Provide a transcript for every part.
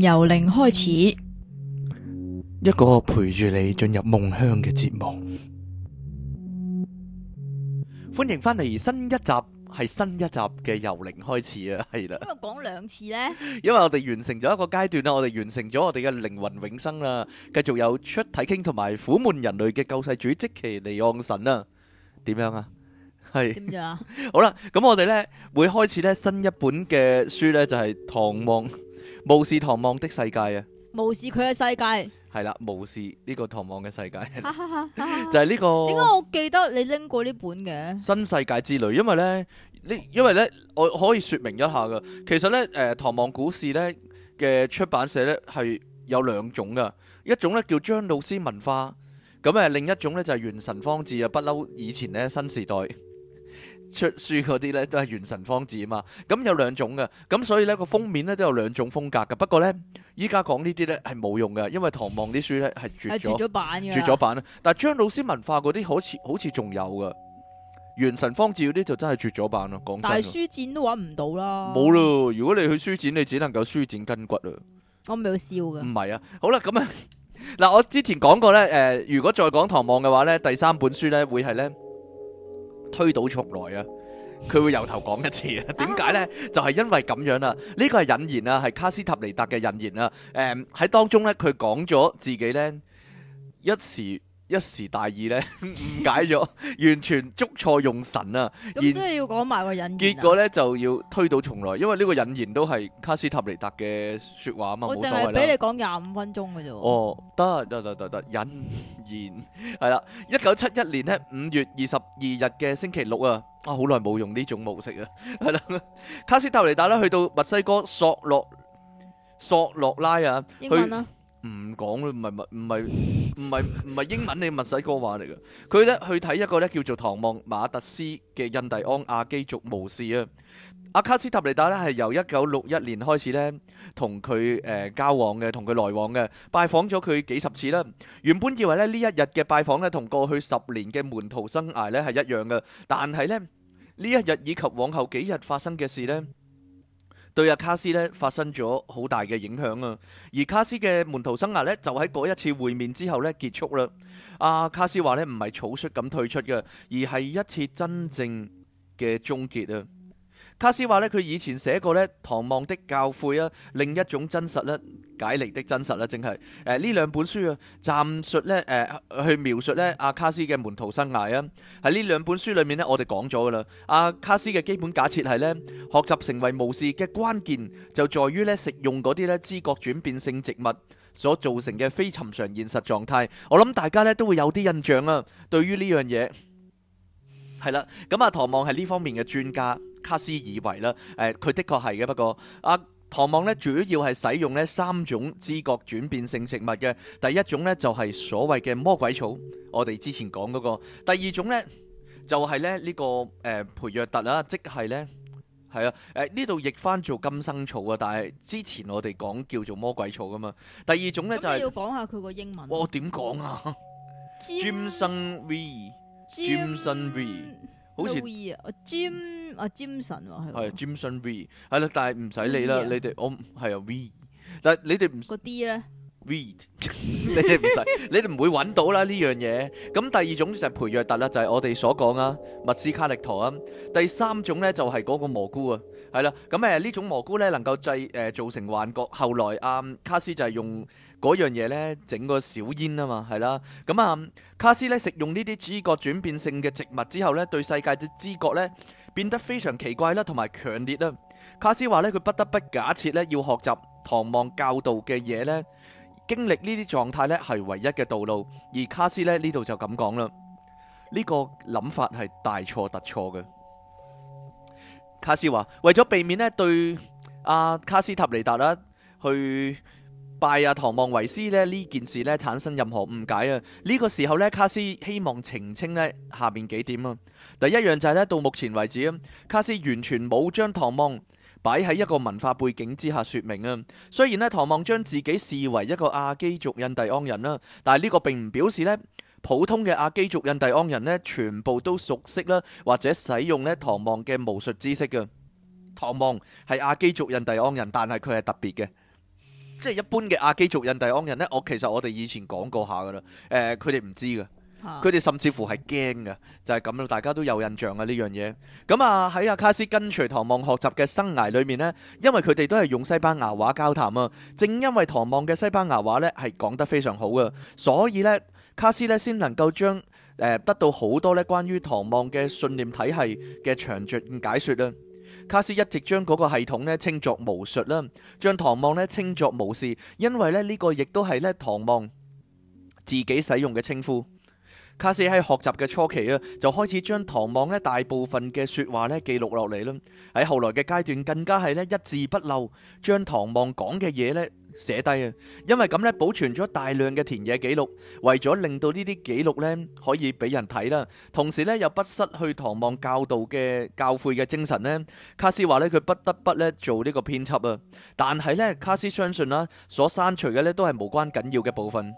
由零開始，一個陪住你進入夢鄉嘅節目。歡迎翻嚟新一集，係新一集嘅由零開始啊，係啦。因為講兩次咧，因為我哋完成咗一個階段啦，我哋完成咗我哋嘅靈魂永生啦，繼續有出體傾同埋苦悶人類嘅救世主即奇尼昂神啊，點樣啊？係點樣啊？好啦，咁我哋咧會開始咧新一本嘅書咧就係《唐望》。巫士唐望的世界啊！巫士佢嘅世界係啦，巫士呢個唐望嘅世界， 就係呢個。點解我記得你拎過呢本嘅新世界之旅，因為咧，呢因為呢，我可以說明一下噶。其實呢，誒，唐望故事呢嘅出版社呢係有兩種噶，一種呢叫張老師文化，咁誒，另一種呢就係圓神方智啊，不嬲以前呢，新時代。出書嗰啲咧都係元神方字啊嘛，咁有兩種嘅，咁所以咧個封面咧都有兩種風格嘅。不過咧依家講呢啲咧係冇用嘅，因為唐望啲書咧係絕咗版嘅，絕咗版啦。但係張老師文化嗰啲好似好似仲有嘅，元神方字嗰啲就真係絕咗版咯。講真，但係書展都搵唔到啦。冇咯，如果你去書展，你只能夠舒展筋骨啊。我咪去笑嘅。唔係啊，好啦，咁啊嗱，我之前講過咧，誒、呃，如果再講唐望嘅話咧，第三本書咧會係咧。推倒重來啊！佢會由頭講一次啊！點解 呢？就係、是、因為咁樣啦。呢個係引言啊，係卡斯塔尼達嘅引言啊。誒、嗯、喺當中呢，佢講咗自己呢，一時一時大意咧，誤解咗，完全捉錯用神啊！咁即係要講埋個引言。結果咧就要推倒重來，因為呢個引言都係卡斯塔尼達嘅説話啊嘛，冇所謂。我淨係俾你講廿五分鐘㗎啫。哦，得得得得，引言係啦。一九七一年咧五月二十二日嘅星期六啊，啊好耐冇用呢種模式啊，係啦。卡斯塔尼達咧去到墨西哥索洛索洛拉啊，英文啊。唔講啦，唔係密，唔係唔係唔係英文，你墨西哥話嚟嘅。佢咧去睇一個咧叫做唐望馬特斯嘅印第安亞基族巫師啊。阿卡斯塔尼達咧係由一九六一年開始咧同佢誒交往嘅，同佢來往嘅，拜訪咗佢幾十次啦。原本以為咧呢一日嘅拜訪咧同過去十年嘅門徒生涯咧係一樣嘅，但係咧呢一日以及往後幾日發生嘅事咧。對阿卡斯咧發生咗好大嘅影響啊，而卡斯嘅門徒生涯咧就喺嗰一次會面之後咧結束啦。阿、啊、卡斯話咧唔係草率咁退出嘅，而係一次真正嘅終結啊。卡斯話咧，佢以前寫過咧《唐望的教誨》啊，另一種真實咧，《解離的真實》啦，正係誒呢兩本書啊，暫述咧誒、呃、去描述咧阿卡斯嘅門徒生涯啊。喺呢兩本書裏面咧，我哋講咗噶啦。阿卡斯嘅基本假設係咧，學習成為巫士嘅關鍵就在於咧食用嗰啲咧知覺轉變性植物所造成嘅非尋常現實狀態。我諗大家咧都會有啲印象啊，對於呢樣嘢。係啦，咁啊，唐望係呢方面嘅專家，卡斯以為啦，誒、呃，佢的確係嘅。不過，阿、啊、唐望咧主要係使用咧三種知覺轉變性植物嘅，第一種咧就係所謂嘅魔鬼草，我哋之前講嗰個；第二種咧就係咧呢個誒、呃、培若特啦，即係咧係啊，誒呢度譯翻做金生草啊，但係之前我哋講叫做魔鬼草噶嘛。第二種咧就係要講下佢個英文。我點講啊？James. 金生 V。Jimson V，好似啊，James 啊，Jimson 係係 Jimson V，係啦，但係唔使理啦，你哋我係啊 V，但係你哋唔個 D 咧？V，你哋唔使，你哋唔會搵到啦呢樣嘢。咁第二種就係培約達啦，就係、是、我哋所講啊，密斯卡力圖啊。第三種咧就係嗰個蘑菇啊，係啦。咁誒呢種蘑菇咧能夠製誒造成幻覺，後來阿、嗯、卡斯就係用。嗰樣嘢呢，整個小煙啊嘛，係啦。咁、嗯、啊，卡斯咧食用呢啲知覺轉變性嘅植物之後呢，對世界嘅知覺呢，變得非常奇怪啦，同埋強烈啦。卡斯話呢，佢不得不假設呢，要學習唐望教導嘅嘢呢，經歷呢啲狀態呢係唯一嘅道路。而卡斯呢，呢度就咁講啦，呢、呢個諗法係大錯特錯嘅。卡斯話，為咗避免呢對阿、啊、卡斯塔尼達啦去，拜阿唐望為師咧呢件事呢產生任何誤解啊呢、呢個時候呢，卡斯希望澄清呢下面幾點啊，第一樣就係呢，到目前為止啊，卡斯完全冇將唐望擺喺一個文化背景之下說明啊。雖然呢，唐望將自己視為一個阿基族印第安人啦，但係呢個並唔表示呢，普通嘅阿基族印第安人呢全部都熟悉啦，或者使用呢唐望嘅巫術知識噶。唐望係阿基族印第安人，但係佢係特別嘅。即係一般嘅阿基族印第安人呢，我其實我哋以前講過下噶啦，佢哋唔知㗎，佢哋甚至乎係驚㗎，就係咁樣，大家都有印象啊呢樣嘢、啊。咁啊喺阿卡斯跟隨唐望學習嘅生涯裏面呢，因為佢哋都係用西班牙話交談啊，正因為唐望嘅西班牙話呢係講得非常好嘅，所以呢，卡斯呢先能夠將誒得到好多呢關於唐望嘅信念體系嘅詳盡解説啦。卡斯一直將嗰個系統咧稱作巫術啦，將唐望咧稱作巫士，因為咧呢個亦都係咧唐望自己使用嘅稱呼。卡斯喺學習嘅初期啊，就開始將唐望咧大部分嘅說話咧記錄落嚟啦。喺後來嘅階段，更加係咧一字不漏將唐望講嘅嘢咧，寫低啊，因為咁咧保存咗大量嘅田野記錄，為咗令到呢啲記錄咧可以俾人睇啦，同時咧又不失去唐望教導嘅教誨嘅精神咧。卡斯話咧佢不得不咧做呢個編輯啊，但係咧卡斯相信啦，所刪除嘅咧都係無關緊要嘅部分。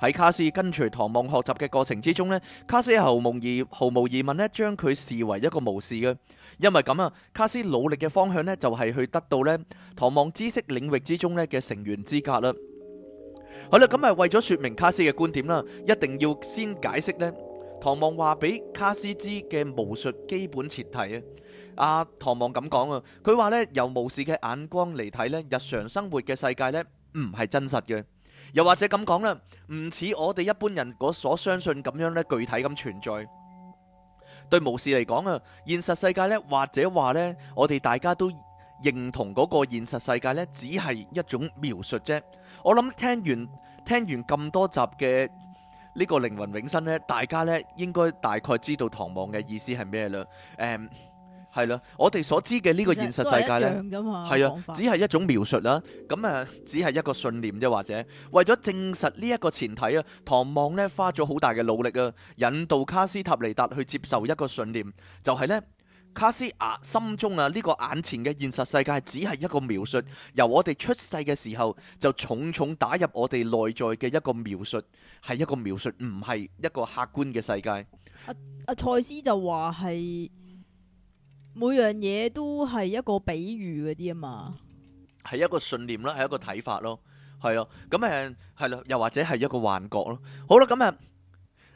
喺卡斯跟隨唐望學習嘅過程之中呢，卡斯毫無疑毫無疑問咧，將佢視為一個巫士嘅。因為咁啊，卡斯努力嘅方向呢，就係去得到呢唐望知識領域之中咧嘅成員資格啦。好啦，咁啊為咗說明卡斯嘅觀點啦，一定要先解釋呢唐望話俾卡斯知嘅巫術基本前提啊。阿唐望咁講啊，佢話呢，由巫士嘅眼光嚟睇呢，日常生活嘅世界呢，唔係真實嘅。又或者咁講啦，唔似我哋一般人嗰所相信咁樣呢，具體咁存在。對巫士嚟講啊，現實世界呢，或者話呢，我哋大家都認同嗰個現實世界呢，只係一種描述啫。我諗聽完聽完咁多集嘅呢個靈魂永生呢，大家呢應該大概知道唐望嘅意思係咩嘞。誒、um。係咯，我哋所知嘅呢個現實世界呢，係啊，只係一種描述啦。咁啊，只係一個信念啫，或者為咗證實呢一個前提啊，唐望呢花咗好大嘅努力啊，引導卡斯塔尼達去接受一個信念，就係呢。卡斯塔心中啊呢個眼前嘅現實世界，只係一個描述，由我哋出世嘅時候就重重打入我哋內在嘅一個描述，係一個描述，唔係一個客觀嘅世界。阿阿、啊啊、塞斯就話係。每樣嘢都係一個比喻嗰啲啊嘛，係一個信念啦，係一個睇法咯，係咯，咁誒係咯，又或者係一個幻覺咯。好啦，咁啊，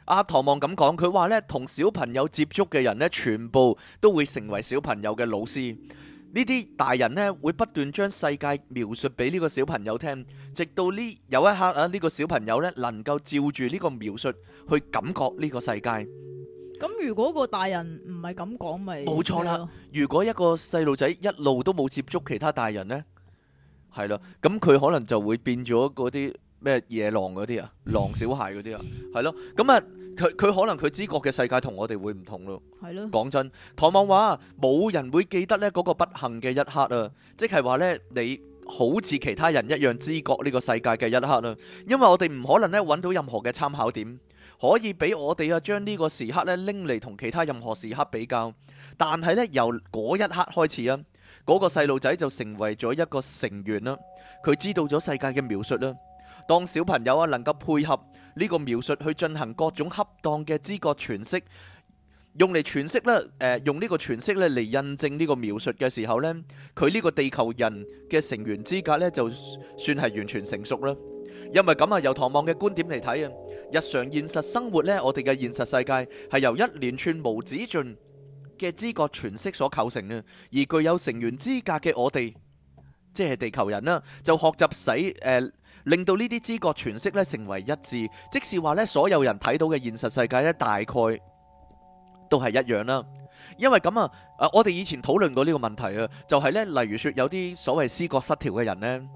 阿唐望咁講，佢話呢，同小朋友接觸嘅人呢，全部都會成為小朋友嘅老師。呢啲大人呢，會不斷將世界描述俾呢個小朋友聽，直到呢有一刻啊，呢個小朋友呢，能夠照住呢個描述去感覺呢個世界。咁如果個大人唔係咁講，咪冇錯啦。就是，如果一個細路仔一路都冇接觸其他大人呢，係啦，咁佢可能就會變咗嗰啲咩野狼嗰啲啊， 狼小孩嗰啲啊，係咯。咁啊，佢佢可能佢知覺嘅世界我同我哋會唔同咯。係咯。講真，唐望話冇人會記得呢嗰個不幸嘅一刻啊，即係話呢，你好似其他人一樣知覺呢個世界嘅一刻啦，啊，因為我哋唔可能呢搵到任何嘅參考點。可以俾我哋啊，將呢個時刻咧拎嚟同其他任何時刻比較，但係咧由嗰一刻開始啊，嗰、嗰個細路仔就成為咗一個成員啦。佢知道咗世界嘅描述啦。當小朋友啊能夠配合呢個描述去進行各種恰當嘅知覺詮釋，用嚟詮釋咧，誒、呃，用呢個詮釋咧嚟印證呢個描述嘅時候咧，佢呢個地球人嘅成員資格咧，就算係完全成熟啦。因為咁啊，由唐望嘅觀點嚟睇啊，日常現實生活呢，我哋嘅現實世界係由一連串無止盡嘅知覺詮釋所構成嘅。而具有成員資格嘅我哋，即係地球人啦，就學習使誒、呃，令到呢啲知覺詮釋呢成為一致，即是話呢，所有人睇到嘅現實世界呢，大概都係一樣啦。因為咁啊，誒，我哋以前討論過呢個問題啊，就係呢，例如說有啲所謂思覺失調嘅人呢，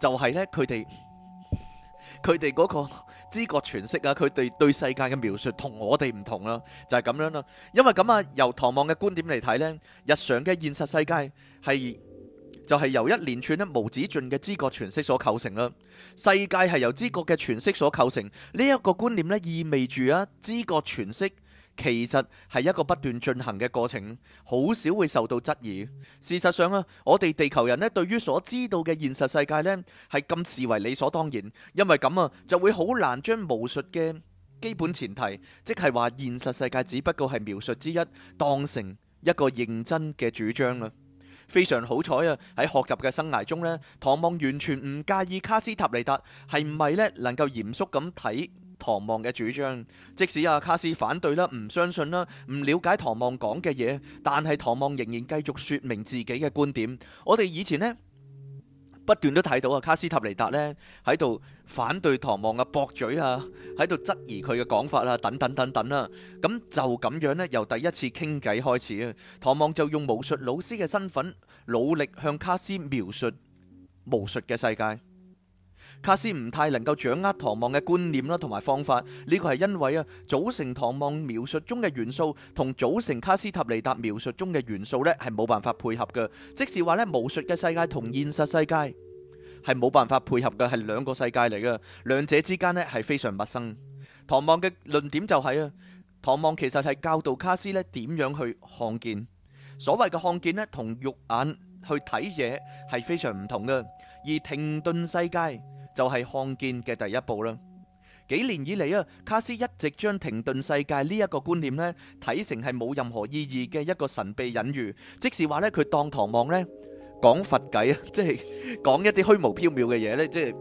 就係呢，佢哋。佢哋嗰個知覺詮釋啊，佢哋對，對世界嘅描述同我哋唔同啦，就係咁樣啦。因為咁啊，由唐望嘅觀點嚟睇呢，日常嘅現實世界係就係由一連串咧無止盡嘅知覺詮釋所構成啦。世界係由知覺嘅詮釋所構成呢一個觀念呢，意味住啊知覺詮釋。其實係一個不斷進行嘅過程，好少會受到質疑。事實上啊，我哋地球人咧，對於所知道嘅現實世界咧，係咁視為理所當然。因為咁啊，就會好難將巫術嘅基本前提，即係話現實世界只不過係描述之一，當成一個認真嘅主張啦。非常好彩啊！喺學習嘅生涯中咧，唐望完全唔介意卡斯塔尼達係咪咧，是不是能夠嚴肅咁睇。唐望嘅主張，即使阿卡斯反對啦、唔相信啦、唔了解唐望講嘅嘢，但係唐望仍然繼續說明自己嘅觀點。我哋以前呢，不斷都睇到啊，卡斯塔尼達呢喺度反對唐望嘅駁嘴啊，喺度質疑佢嘅講法啊等等等等啦。咁就咁樣呢，由第一次傾偈開始啊，唐望就用巫術老師嘅身份，努力向卡斯描述巫術嘅世界。卡斯唔太能夠掌握唐望嘅觀念啦，同埋方法。呢個係因為啊，組成唐望描述中嘅元素同組成卡斯塔尼達描述中嘅元素呢，係冇辦法配合嘅，即是話呢，巫術嘅世界同現實世界係冇辦法配合嘅，係兩個世界嚟嘅，兩者之間呢，係非常陌生。唐望嘅論點就係、是、啊，唐望其實係教導卡斯呢點樣去看見，所謂嘅看見呢，同肉眼去睇嘢係非常唔同嘅，而停頓世界。就係看見嘅第一步啦。幾年以嚟啊，卡斯一直將停頓世界呢一個觀念呢，睇成係冇任何意義嘅一個神秘隱喻，即係話呢，佢當唐望呢講佛偈啊，即係講一啲虛無縹緲嘅嘢呢，即係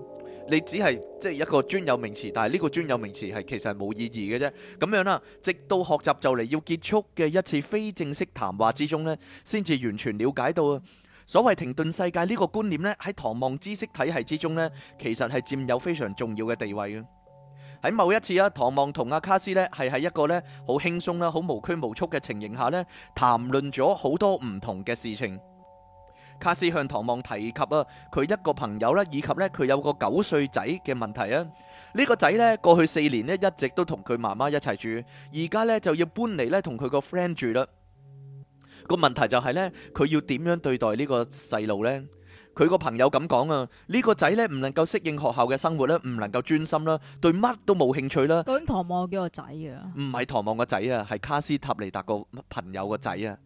你只係即係一個專有名詞，但係呢個專有名詞係其實係冇意義嘅啫。咁樣啦，直到學習就嚟要結束嘅一次非正式談話之中呢，先至完全了解到。所謂停頓世界呢個觀念呢，喺唐望知識體系之中呢，其實係佔有非常重要嘅地位嘅。喺某一次啊，唐望同阿卡斯呢係喺一個呢好輕鬆啦、好無拘無束嘅情形下呢談論咗好多唔同嘅事情。卡斯向唐望提及啊，佢一個朋友呢，以及呢，佢有個九歲仔嘅問題啊。呢個仔呢，過去四年呢一直都同佢媽媽一齊住，而家呢就要搬嚟，呢同佢個 friend 住啦。個問題就係呢，佢要點樣對待呢個細路呢？佢個朋友咁講啊，呢個仔呢唔能夠適應學校嘅生活呢，唔能夠專心啦，對乜都冇興趣啦。究竟唐望有幾個仔啊？唔係唐望個仔啊，係卡斯塔尼達個朋友個仔啊。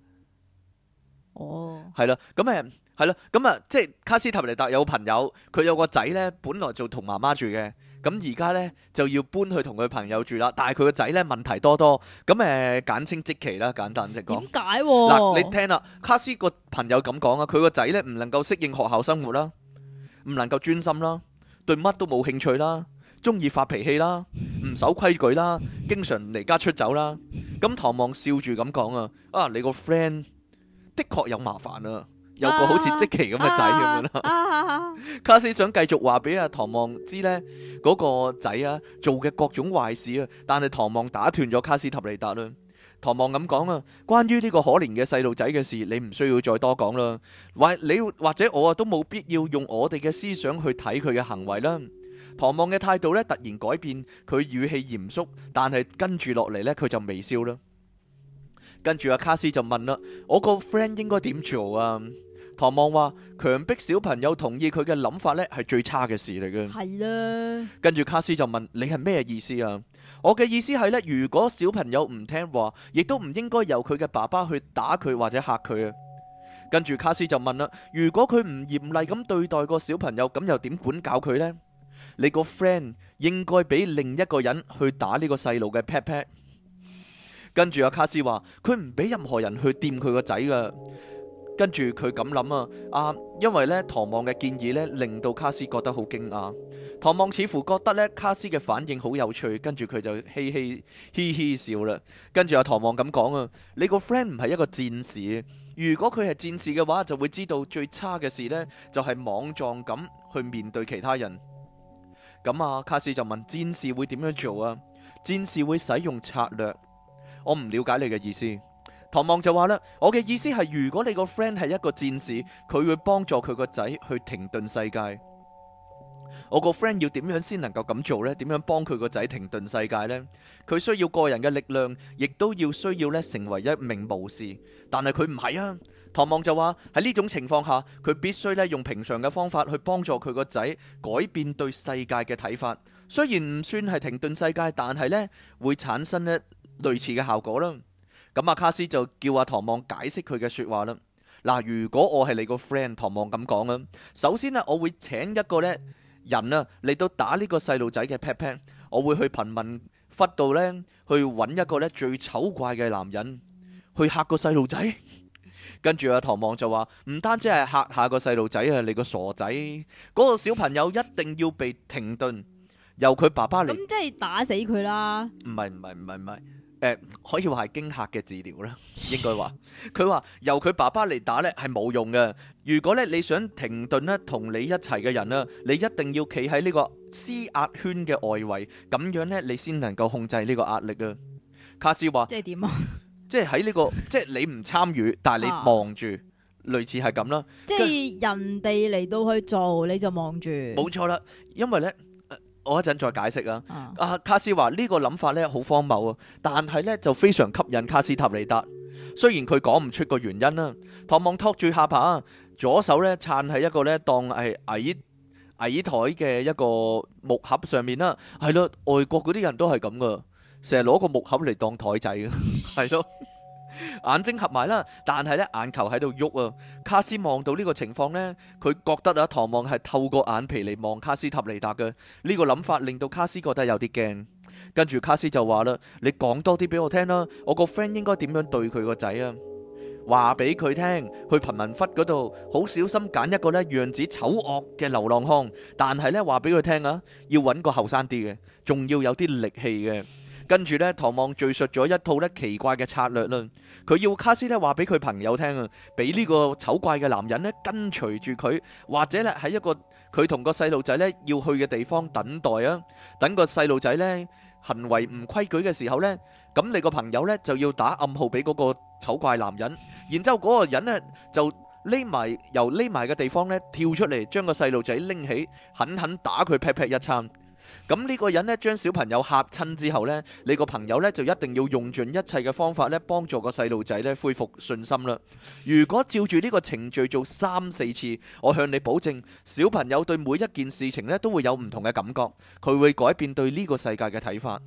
哦，係啦，咁誒，係啦，咁啊，即係卡斯塔尼達有個朋友，佢有個仔呢，本來就同媽媽住嘅。咁而家呢就要搬去同佢朋友住啦，但係佢個仔呢問題多多，咁誒簡稱即其啦，簡單直講。點解？嗱，你聽啦，卡斯個朋友咁講啊，佢個仔呢唔能夠適應學校生活啦，唔能夠專心啦，對乜都冇興趣啦，中意發脾氣啦，唔守規矩啦，經常離家出走啦。咁唐望笑住咁講啊，啊你個 friend 的確有麻煩啊。有個好似即奇咁嘅仔咁樣啦。啊，啊啊啊、卡斯想繼續話俾阿唐望知呢嗰個仔啊做嘅各種壞事啊，但係唐望打斷咗卡斯塔尼達啦。唐望咁講啊，關於呢個可憐嘅細路仔嘅事，你唔需要再多講啦。或你或者我啊都冇必要用我哋嘅思想去睇佢嘅行為啦。唐望嘅態度呢，突然改變，佢語氣嚴肅，但係跟住落嚟呢，佢就微笑啦。跟住阿卡斯就問啦：我個 friend 應該點做啊？唐望話：強迫小朋友同意佢嘅諗法呢係最差嘅事嚟嘅。係啦。跟住卡斯就問：你係咩意思啊？我嘅意思係呢，如果小朋友唔聽話，亦都唔應該由佢嘅爸爸去打佢或者吓佢啊。跟住卡斯就問啦：如果佢唔嚴厲咁對待個小朋友，咁又點管教佢呢？你個 friend 應該俾另一個人去打呢個細路嘅 pat pat。跟住阿卡斯話：佢唔俾任何人去掂佢個仔噶。跟住佢咁諗啊，阿、啊、因為呢唐望嘅建議呢，令到卡斯覺得好驚訝。唐望似乎覺得呢卡斯嘅反應好有趣，跟住佢就嘻嘻嘻嘻笑啦。跟住阿唐望咁講啊，你個 friend 唔係一個戰士，如果佢係戰士嘅話，就會知道最差嘅事呢，就係莽撞咁去面對其他人。咁、嗯、啊，卡斯就問戰士會點樣做啊？戰士會使用策略。我唔了解你嘅意思。唐望就話啦：我嘅意思係，如果你個 friend 係一個戰士，佢會幫助佢個仔去停頓世界。我個 friend 要點樣先能夠咁做呢？點樣幫佢個仔停頓世界呢？佢需要個人嘅力量，亦都要需要呢成為一名武士。但係佢唔係啊。唐望就話喺呢種情況下，佢必須呢用平常嘅方法去幫助佢個仔改變對世界嘅睇法。雖然唔算係停頓世界，但係呢會產生呢類似嘅效果啦。咁阿卡斯就叫阿唐望解釋佢嘅說話啦。嗱，如果我係你個 friend，唐望咁講啊。首先呢，我會請一個呢人啊，嚟到打呢個細路仔嘅 pat pat。我會去貧民窟度呢，去揾一個呢最醜怪嘅男人去吓個細路仔。跟住阿唐望就話，唔單止係吓下個細路仔啊，你個傻仔，嗰個小朋友一定要被停頓，由佢爸爸嚟。咁即係打死佢啦？唔係唔係唔係唔係。誒、呃，可以話係驚嚇嘅治療啦，應該話。佢話由佢爸爸嚟打呢係冇用嘅。如果呢，你想停頓呢同你一齊嘅人呢，你一定要企喺呢個施壓圈嘅外圍，咁樣呢，你先能夠控制呢個壓力啊。卡斯話即係點啊？即係喺呢個，即係你唔參與，但係你望住，啊、類似係咁啦。即係人哋嚟到去做，你就望住。冇錯啦，因為呢。我一陣再解釋啊！阿、uh, 啊、卡斯話呢個諗法呢好荒謬啊，但係呢就非常吸引卡斯塔尼達。雖然佢講唔出個原因啦，啊，唐望托住下巴，左手呢撐喺一個呢當係矮矮台嘅一個木盒上面啦，啊。係咯，外國嗰啲人都係咁噶，成日攞個木盒嚟當台仔嘅，係咯。眼睛合埋啦，但係咧眼球喺度喐啊！卡斯望到呢個情況呢，佢覺得啊，唐望係透過眼皮嚟望卡斯塔尼達嘅呢個諗法，令到卡斯覺得有啲驚。跟住卡斯就話啦：你講多啲俾我聽啦，我個 friend 應該點樣對佢個仔啊？話俾佢聽，去貧民窟嗰度，好小心揀一個呢樣子醜惡嘅流浪漢，但係呢話俾佢聽啊，要揾個後生啲嘅，仲要有啲力氣嘅。跟住咧，唐望敘述咗一套咧奇怪嘅策略啦。佢要卡斯咧話俾佢朋友聽啊，俾呢個醜怪嘅男人咧跟隨住佢，或者咧喺一個佢同個細路仔咧要去嘅地方等待啊。等個細路仔咧行為唔規矩嘅時候咧，咁你個朋友咧就要打暗號俾嗰個醜怪男人，然之後嗰個人咧就匿埋，由匿埋嘅地方咧跳出嚟，將個細路仔拎起，狠狠打佢 pat pat 一餐。咁呢個人呢，將小朋友嚇親之後呢，你個朋友呢，就一定要用盡一切嘅方法呢，幫助個細路仔呢，恢復信心啦。如果照住呢個程序做三四次，我向你保證，小朋友對每一件事情呢，都會有唔同嘅感覺，佢會改變對呢個世界嘅睇法。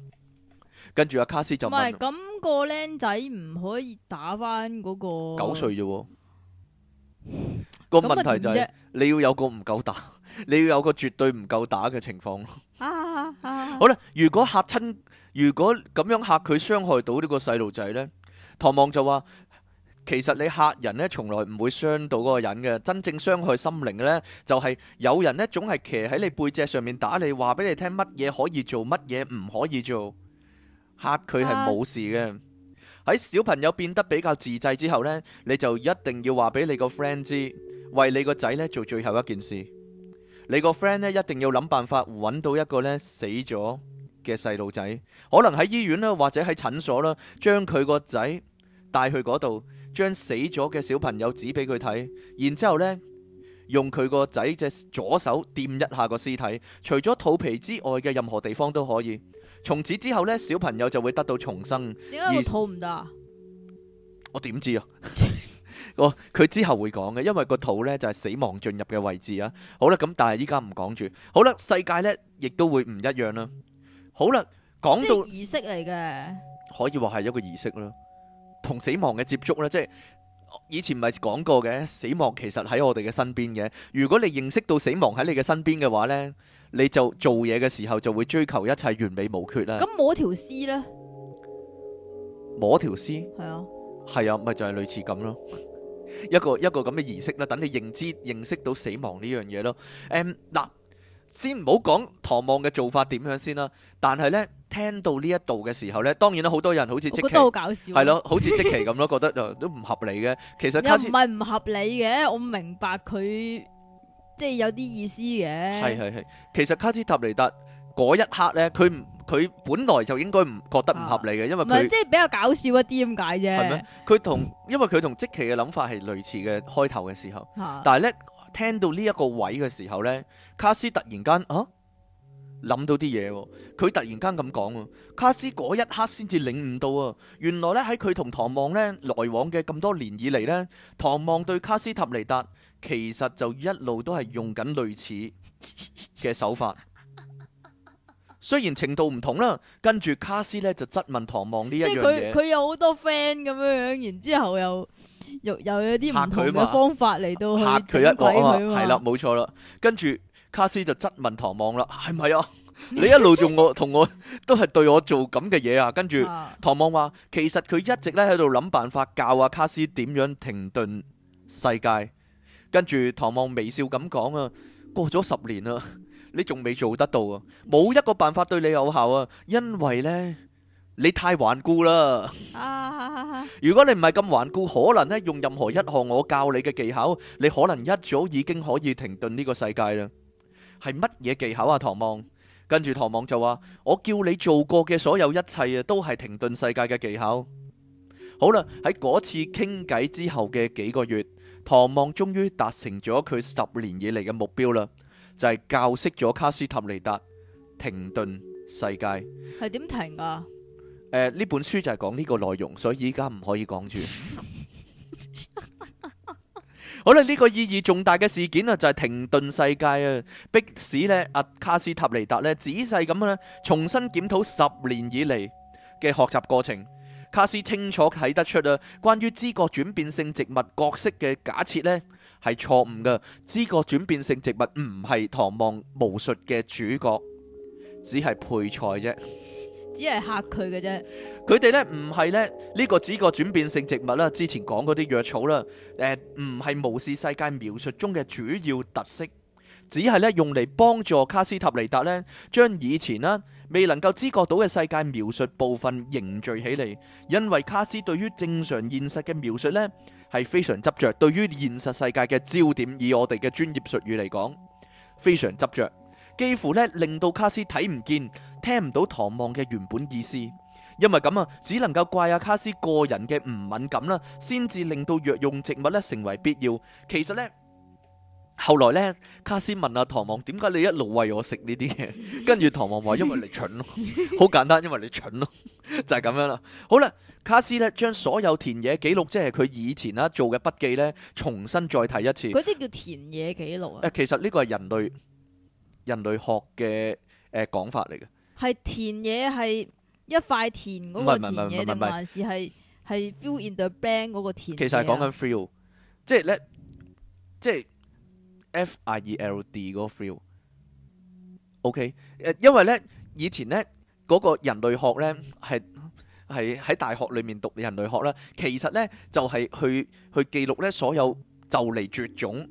跟住阿卡斯就問，唔係咁個僆仔唔可以打翻、那、嗰個九歲啫？ 個問題就係、是、你要有個唔夠打。你要有個絕對唔夠打嘅情況。 好啦，如果嚇親，如果咁樣嚇佢，傷害到呢個細路仔呢，唐望就話：其實你嚇人呢，從來唔會傷到嗰個人嘅。真正傷害心靈嘅呢，就係有人呢，總係騎喺你背脊上面打你，話俾你聽乜嘢可以做，乜嘢唔可以做。嚇佢係冇事嘅。喺小朋友變得比較自制之後呢，你就一定要話俾你個 friend 知，為你個仔呢做最後一件事。你個 friend 咧，一定要諗辦法揾到一個咧，死咗嘅細路仔，可能喺醫院啦，或者喺診所啦，將佢個仔帶去嗰度，將死咗嘅小朋友指俾佢睇，然之後咧，用佢個仔隻左手掂一下個屍體，除咗肚皮之外嘅任何地方都可以。從此之後呢，小朋友就會得到重生。點解什而肚唔得？我點知啊？ 哦，佢之後會講嘅，因為個肚呢就係死亡進入嘅位置啊。好啦，咁但係依家唔講住。好啦，世界呢亦都會唔一樣啦。好啦，講到儀式嚟嘅，可以話係一個儀式啦，同死亡嘅接觸呢，即係以前咪講過嘅，死亡其實喺我哋嘅身邊嘅。如果你認識到死亡喺你嘅身邊嘅話呢，你就做嘢嘅時候就會追求一切完美無缺啦。咁摸條屍呢？摸條屍係啊，係啊，咪就係、是、類似咁咯。一個一個咁嘅儀式啦，等你認知認識到死亡呢樣嘢咯。誒，嗱，先唔好講唐望嘅做法點樣先啦。但係咧，聽到呢一度嘅時候咧，當然啦，好多人好似即係，覺得好搞笑，係咯，好似即奇咁咯，覺得都唔合理嘅。其實又唔係唔合理嘅，我明白佢即係有啲意思嘅。係係係，其實卡斯塔尼達嗰一刻咧，佢唔。佢本來就應該唔覺得唔合理嘅，因為佢、啊、即係比較搞笑一啲咁解啫。係咩？佢同 因為佢同積奇嘅諗法係類似嘅，開頭嘅時候，啊、但係咧聽到呢一個位嘅時候咧，卡斯突然間啊諗到啲嘢喎，佢突然間咁講喎，卡斯嗰一刻先至領悟到啊、哦，原來咧喺佢同唐望咧來往嘅咁多年以嚟咧，唐望對卡斯塔尼達其實就一路都係用緊類似嘅手法。 雖然程度唔同啦，跟住卡斯咧就質問唐望呢一樣嘢，即係佢佢有好多 friend 咁樣樣，然之後又又又有啲唔同嘅方法嚟到吓佢一個，係啦，冇錯啦。跟住卡斯就質問唐望啦，係咪 啊？你一路仲我 同我都係對我做咁嘅嘢啊？跟住唐望話，其實佢一直咧喺度諗辦法教吓卡斯點樣停頓世界。跟住唐望微笑咁講啊，過咗十年啦。 你仲未做得到啊！冇一個辦法對你有效啊，因為呢你太頑固啦。如果你唔係咁頑固，可能呢用任何一項我教你嘅技巧，你可能一早已經可以停頓呢個世界啦。係乜嘢技巧啊？唐望，跟住唐望就話：我叫你做過嘅所有一切啊，都係停頓世界嘅技巧。好啦，喺嗰次傾偈之後嘅幾個月，唐望終於達成咗佢十年以嚟嘅目標啦。就係教識咗卡斯塔尼達停頓世界係點停噶？誒、呃，呢本書就係講呢個內容，所以依家唔可以講住。 好啦，呢、這個意義重大嘅事件啊，就係、是、停頓世界啊，迫使呢阿、啊、卡斯塔尼達呢，仔細咁啦，重新檢討十年以嚟嘅學習過程。卡斯清楚睇得出啊，關於知覺轉變性植物角色嘅假設呢，係錯誤噶知覺轉變性植物唔係唐望巫術嘅主角，只係配菜啫，只係吓佢嘅啫。佢哋呢唔係咧呢個知覺轉變性植物啦，之前講嗰啲藥草啦，誒，唔係巫士世界描述中嘅主要特色，只係咧用嚟幫助卡斯塔尼達咧將以前啦未能夠知覺到嘅世界描述部分凝聚起嚟，因為卡斯對於正常現實嘅描述呢，係非常執著對於現實世界嘅焦點，以我哋嘅專業術語嚟講，非常執著，幾乎呢令到卡斯睇唔見、聽唔到唐望嘅原本意思。因為咁啊，只能夠怪阿卡斯個人嘅唔敏感啦，先至令到藥用植物呢成為必要。其實呢。後來咧，卡斯問阿唐望點解你一路為我食呢啲嘢？ 跟住唐望話，因為你蠢咯，好 簡單，因為你蠢咯，就係、是、咁樣啦。好啦，卡斯咧將所有田野記錄，即係佢以前啦做嘅筆記咧，重新再睇一次。嗰啲叫田野記錄啊？誒，其實呢個係人類人類學嘅誒講法嚟嘅。係田野係一塊田嗰個田野定還是係係 field in the band 嗰個田？其實講緊 field 即係咧，即、就、係、是。就是 F I E L D 嗰個 feel，OK，因為咧以前咧嗰個人類學咧係係喺大學裏面讀人類學啦，其實咧就係去去記錄咧所有就嚟絕種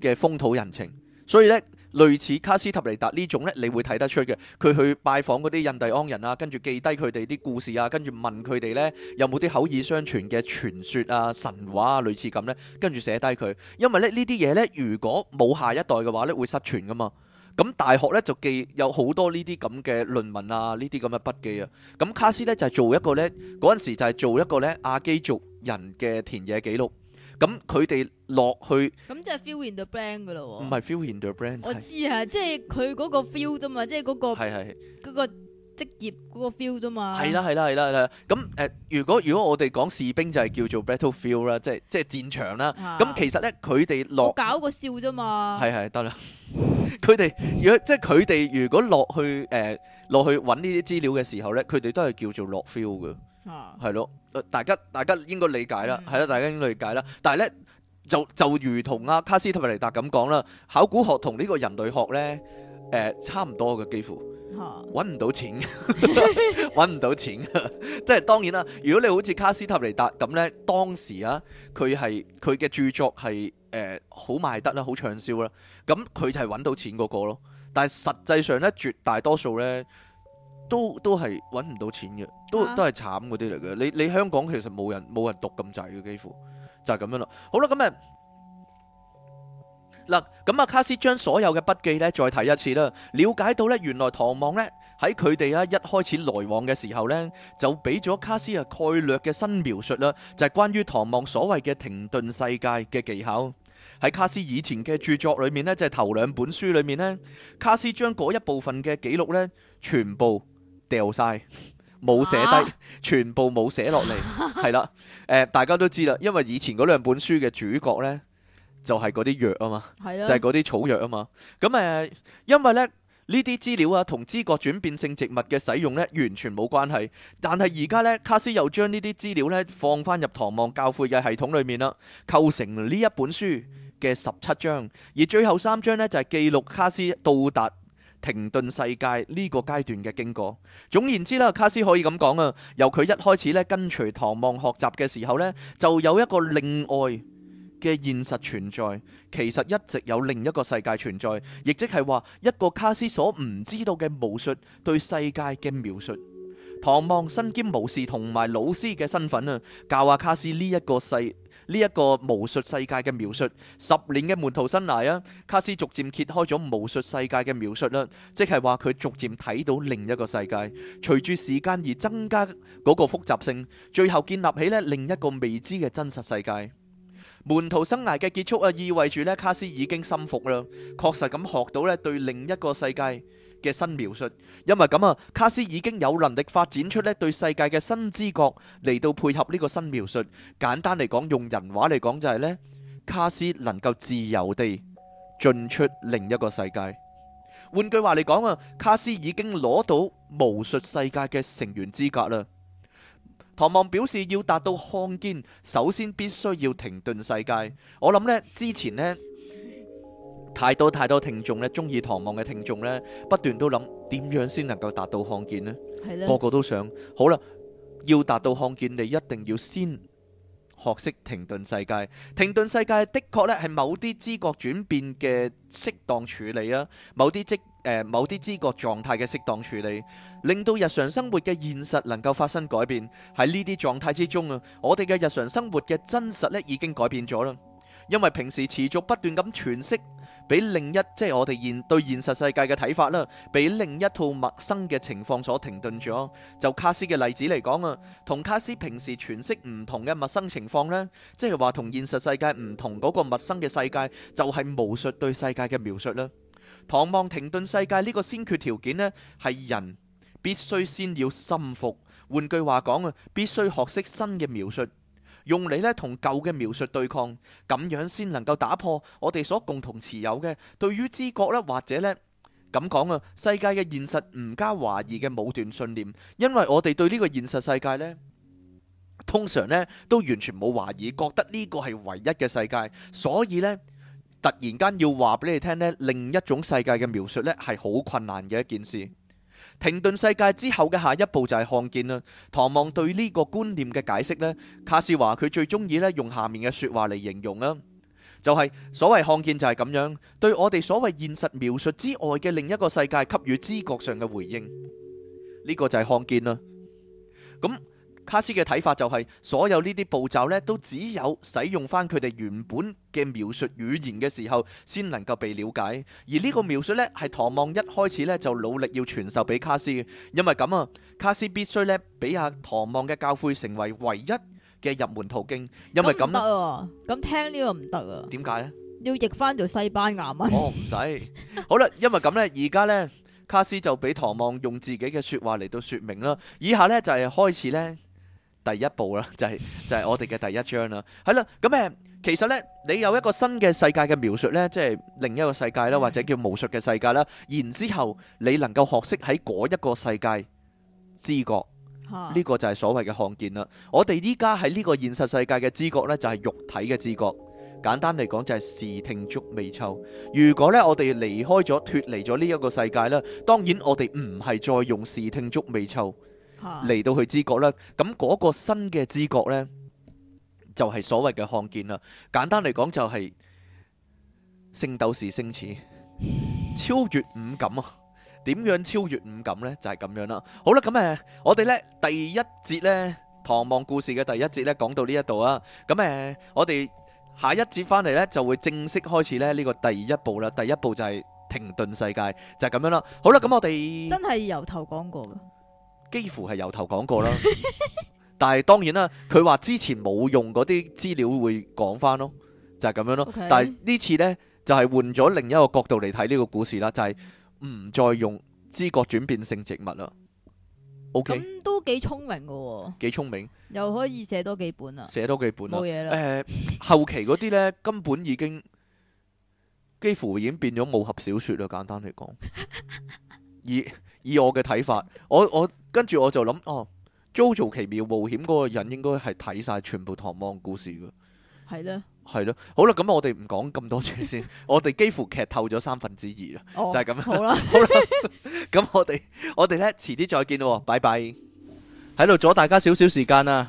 嘅風土人情，所以咧。類似卡斯塔尼達呢種呢，你會睇得出嘅。佢去拜訪嗰啲印第安人啊，跟住記低佢哋啲故事啊，跟住問佢哋呢有冇啲口耳相傳嘅傳說啊、神話啊類似咁呢？跟住寫低佢。因為呢啲嘢呢，如果冇下一代嘅話呢，會失傳噶嘛。咁大學呢，就記有好多呢啲咁嘅論文啊，呢啲咁嘅筆記啊。咁卡斯呢就係做一個呢，嗰陣時就係做一個呢，阿基族人嘅田野記錄。咁佢哋落去，咁即係 feel in the brand 噶咯喎，唔係 feel in the brand，我知啊是，即係佢嗰個 feel 啫嘛，即係嗰個，係係是，嗰個職業嗰個 feel 啫嘛，係啦係啦係啦係啦，咁誒，如果如果我哋講士兵就係叫做 battlefield 啦，即係即係戰場啦，咁的其實咧佢哋落，我搞個笑啫嘛，係係得啦，佢哋 即係佢哋如果落去，呃落去揾呢啲資料嘅時候呢，佢哋都係叫做落 feel 嘅，係、啊、咯，大家大家應該理解啦，係啦，大家應該理解啦、嗯。但係呢，就就如同阿、啊、卡斯塔尼達咁講啦，考古學同呢個人類學呢，呃、差唔多嘅，幾乎揾唔到錢，揾唔、啊、 到錢。即係 當然啦，如果你好似卡斯塔尼達咁呢，當時啊，佢係佢嘅著作係誒好賣得啦，好暢銷啦，咁佢就係揾到錢嗰個咯。但係實際上咧，絕大多數咧都都係揾唔到錢嘅，都都係慘嗰啲嚟嘅。你你香港其實冇人冇人讀咁滯嘅，幾乎就係、是、咁樣咯。好啦，咁啊嗱，咁啊卡斯將所有嘅筆記咧再睇一次啦，了解到咧原來唐望咧喺佢哋啊一開始來往嘅時候咧，就俾咗卡斯啊概略嘅新描述啦，就係、是、關於唐望所謂嘅停頓世界嘅技巧。喺卡斯以前嘅著作裏面呢，就係、是、頭兩本書裏面呢。卡斯將嗰一部分嘅記錄呢，全部掉晒，冇寫低，啊、全部冇寫落嚟，係啦、 呃，大家都知啦，因為以前嗰兩本書嘅主角呢，就係嗰啲藥啊嘛，了就係嗰啲草藥啊嘛，咁、嗯、誒、呃，因為呢呢啲資料啊，同知覺轉變性植物嘅使用呢，完全冇關係，但係而家呢，卡斯又將呢啲資料呢，放翻入《唐望教誨》嘅系統裏面啦，構成呢一本書。嘅十七章，而最後三章呢，就係記錄卡斯到達停頓世界呢個階段嘅經過。總言之啦，卡斯可以咁講啊，由佢一開始咧跟隨唐望學習嘅時候呢，就有一個另外嘅現實存在，其實一直有另一個世界存在，亦即係話一個卡斯所唔知道嘅巫術對世界嘅描述。唐望身兼武士同埋老師嘅身份啊，教阿卡斯呢一個世呢一、這個巫術世界嘅描述。十年嘅門徒生涯啊，卡斯逐漸揭開咗巫術世界嘅描述啦，即係話佢逐漸睇到另一個世界，隨住時間而增加嗰個複雜性，最後建立起咧另一個未知嘅真實世界。門徒生涯嘅結束啊，意味住咧卡斯已經心服啦，確實咁學到咧對另一個世界，嘅新描述，因為咁啊，卡斯已經有能力發展出呢對世界嘅新知覺嚟到配合呢個新描述。簡單嚟講，用人話嚟講就係、是、呢卡斯能夠自由地進出另一個世界。換句話嚟講啊，卡斯已經攞到巫術世界嘅成員資格啦。唐望表示要達到看見，首先必須要停頓世界。我諗呢之前呢。太多太多聽眾呢，中意唐望嘅聽眾呢，不斷都諗點樣先能夠達到看見呢？係啦的，個個都想好啦。要達到看見，你一定要先學識停頓世界。停頓世界的確呢，係某啲知覺轉變嘅適當處理啊，某啲即誒某啲知覺狀態嘅適當處理，令到日常生活嘅現實能夠發生改變喺呢啲狀態之中啊。我哋嘅日常生活嘅真實呢已經改變咗啦，因為平時持續不斷咁詮釋。俾另一即係我哋現對現實世界嘅睇法啦，俾另一套陌生嘅情況所停頓咗。就卡斯嘅例子嚟講啊，同卡斯平時詮釋唔同嘅陌生情況呢，即係話同現實世界唔同嗰個陌生嘅世界，就係、是、巫術對世界嘅描述啦。唐望停頓世界呢、這個先決條件呢，係人必須先要心服，換句話講啊，必須學識新嘅描述。用嚟呢同舊嘅描述對抗，咁樣先能夠打破我哋所共同持有嘅對於知覺呢，或者呢咁講啊，世界嘅現實唔加懷疑嘅武斷信念，因為我哋對呢個現實世界呢，通常呢都完全冇懷疑，覺得呢個係唯一嘅世界，所以呢，突然間要話俾你聽呢，另一種世界嘅描述呢，係好困難嘅一件事。停頓世界之後嘅下一步就係看見啦。唐望對呢個觀念嘅解釋咧，卡斯華佢最中意咧用下面嘅說話嚟形容啦，就係所謂看見就係咁樣，對我哋所謂現實描述之外嘅另一個世界給予知覺上嘅回應。呢個就係看見啦。咁。卡斯嘅睇法就係所有呢啲步驟咧，都只有使用翻佢哋原本嘅描述語言嘅時候，先能夠被了解。而呢個描述咧，係唐望一開始咧就努力要傳授俾卡斯嘅，因為咁啊，卡斯必須咧俾阿唐望嘅教誨成為唯一嘅入門途徑。因為咁，唔得啊！咁聽呢個唔得啊？點解咧？呢要譯翻做西班牙文？哦，我唔使。 好啦，因為咁呢，而家呢，卡斯就俾唐望用自己嘅說話嚟到說明啦。以下呢，就係開始呢。第一步啦，就係、是、就係、是、我哋嘅第一章啦，係啦。咁誒，其實呢，你有一個新嘅世界嘅描述呢，即係另一個世界啦，或者叫巫術嘅世界啦。然之後，你能夠學識喺嗰一個世界知覺，呢、啊、個就係所謂嘅看見啦。我哋依家喺呢個現實世界嘅知覺呢，就係、是、肉體嘅知覺。簡單嚟講，就係視聽觸味嗅。如果呢，我哋離開咗、脱離咗呢一個世界啦，當然我哋唔係再用視聽觸味嗅。嚟到佢知覺啦。咁嗰個新嘅知覺呢，就係所謂嘅看見啦。簡單嚟講就係聖鬥士星矢超越五感啊！點樣超越五感呢？就係咁樣啦。好啦，咁誒，我哋呢，第一節呢，《唐望故事》嘅第一節呢，講到呢一度啊。咁誒，我哋下一節翻嚟呢，就會正式開始呢。呢個第一步啦。第一步就係停頓世界，就係咁樣啦。好啦，咁我哋真係由頭講過幾乎係由頭講過啦， 但係當然啦，佢話之前冇用嗰啲資料會講翻咯，就係、是、咁樣咯。Okay? 但係呢次呢，就係換咗另一個角度嚟睇呢個故事啦，就係、是、唔再用知覺轉變性植物啦。嗯、o Okay ? K，都幾聰明噶，幾聰明又可以寫多幾本啦、啊，寫多幾本啦，冇嘢啦。誒，後期嗰啲呢，根本已經幾乎已經變咗武俠小說啦，簡單嚟講， 而。以我嘅睇法，我我跟住我就諗，哦，Jojo jo 奇妙冒險嗰個人應該係睇晒全部《唐望故事的》噶的，係咧，係咯，好啦，咁我哋唔講咁多住先， 我哋幾乎劇透咗三分之二，哦，就係咁樣，好啦，好啦，咁我哋我哋咧，遲啲再見咯，拜拜，喺度阻大家少少時間啦。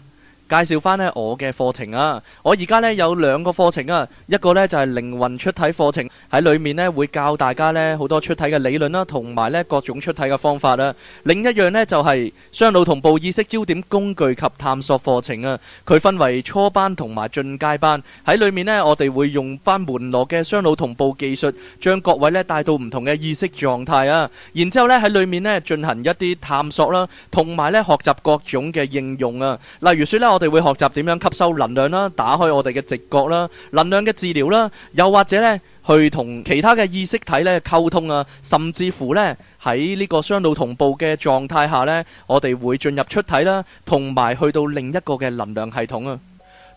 介紹翻呢我嘅課程啊！我而家呢有兩個課程啊，一個呢就係靈魂出體課程，喺裡面呢會教大家呢好多出體嘅理論啦，同埋呢各種出體嘅方法啦。另一樣呢就係雙腦同步意識焦點工具及探索課程啊。佢分為初班同埋進階班，喺裡面呢我哋會用翻門羅嘅雙腦同步技術，將各位呢帶到唔同嘅意識狀態啊。然之後呢喺裡面呢進行一啲探索啦，同埋呢學習各種嘅應用啊。例如説呢我。我哋會學習點樣吸收能量啦，打開我哋嘅直覺啦，能量嘅治療啦，又或者呢，去同其他嘅意識體呢溝通啊，甚至乎呢喺呢個雙腦同步嘅狀態下呢，我哋會進入出體啦，同埋去到另一個嘅能量系統啊。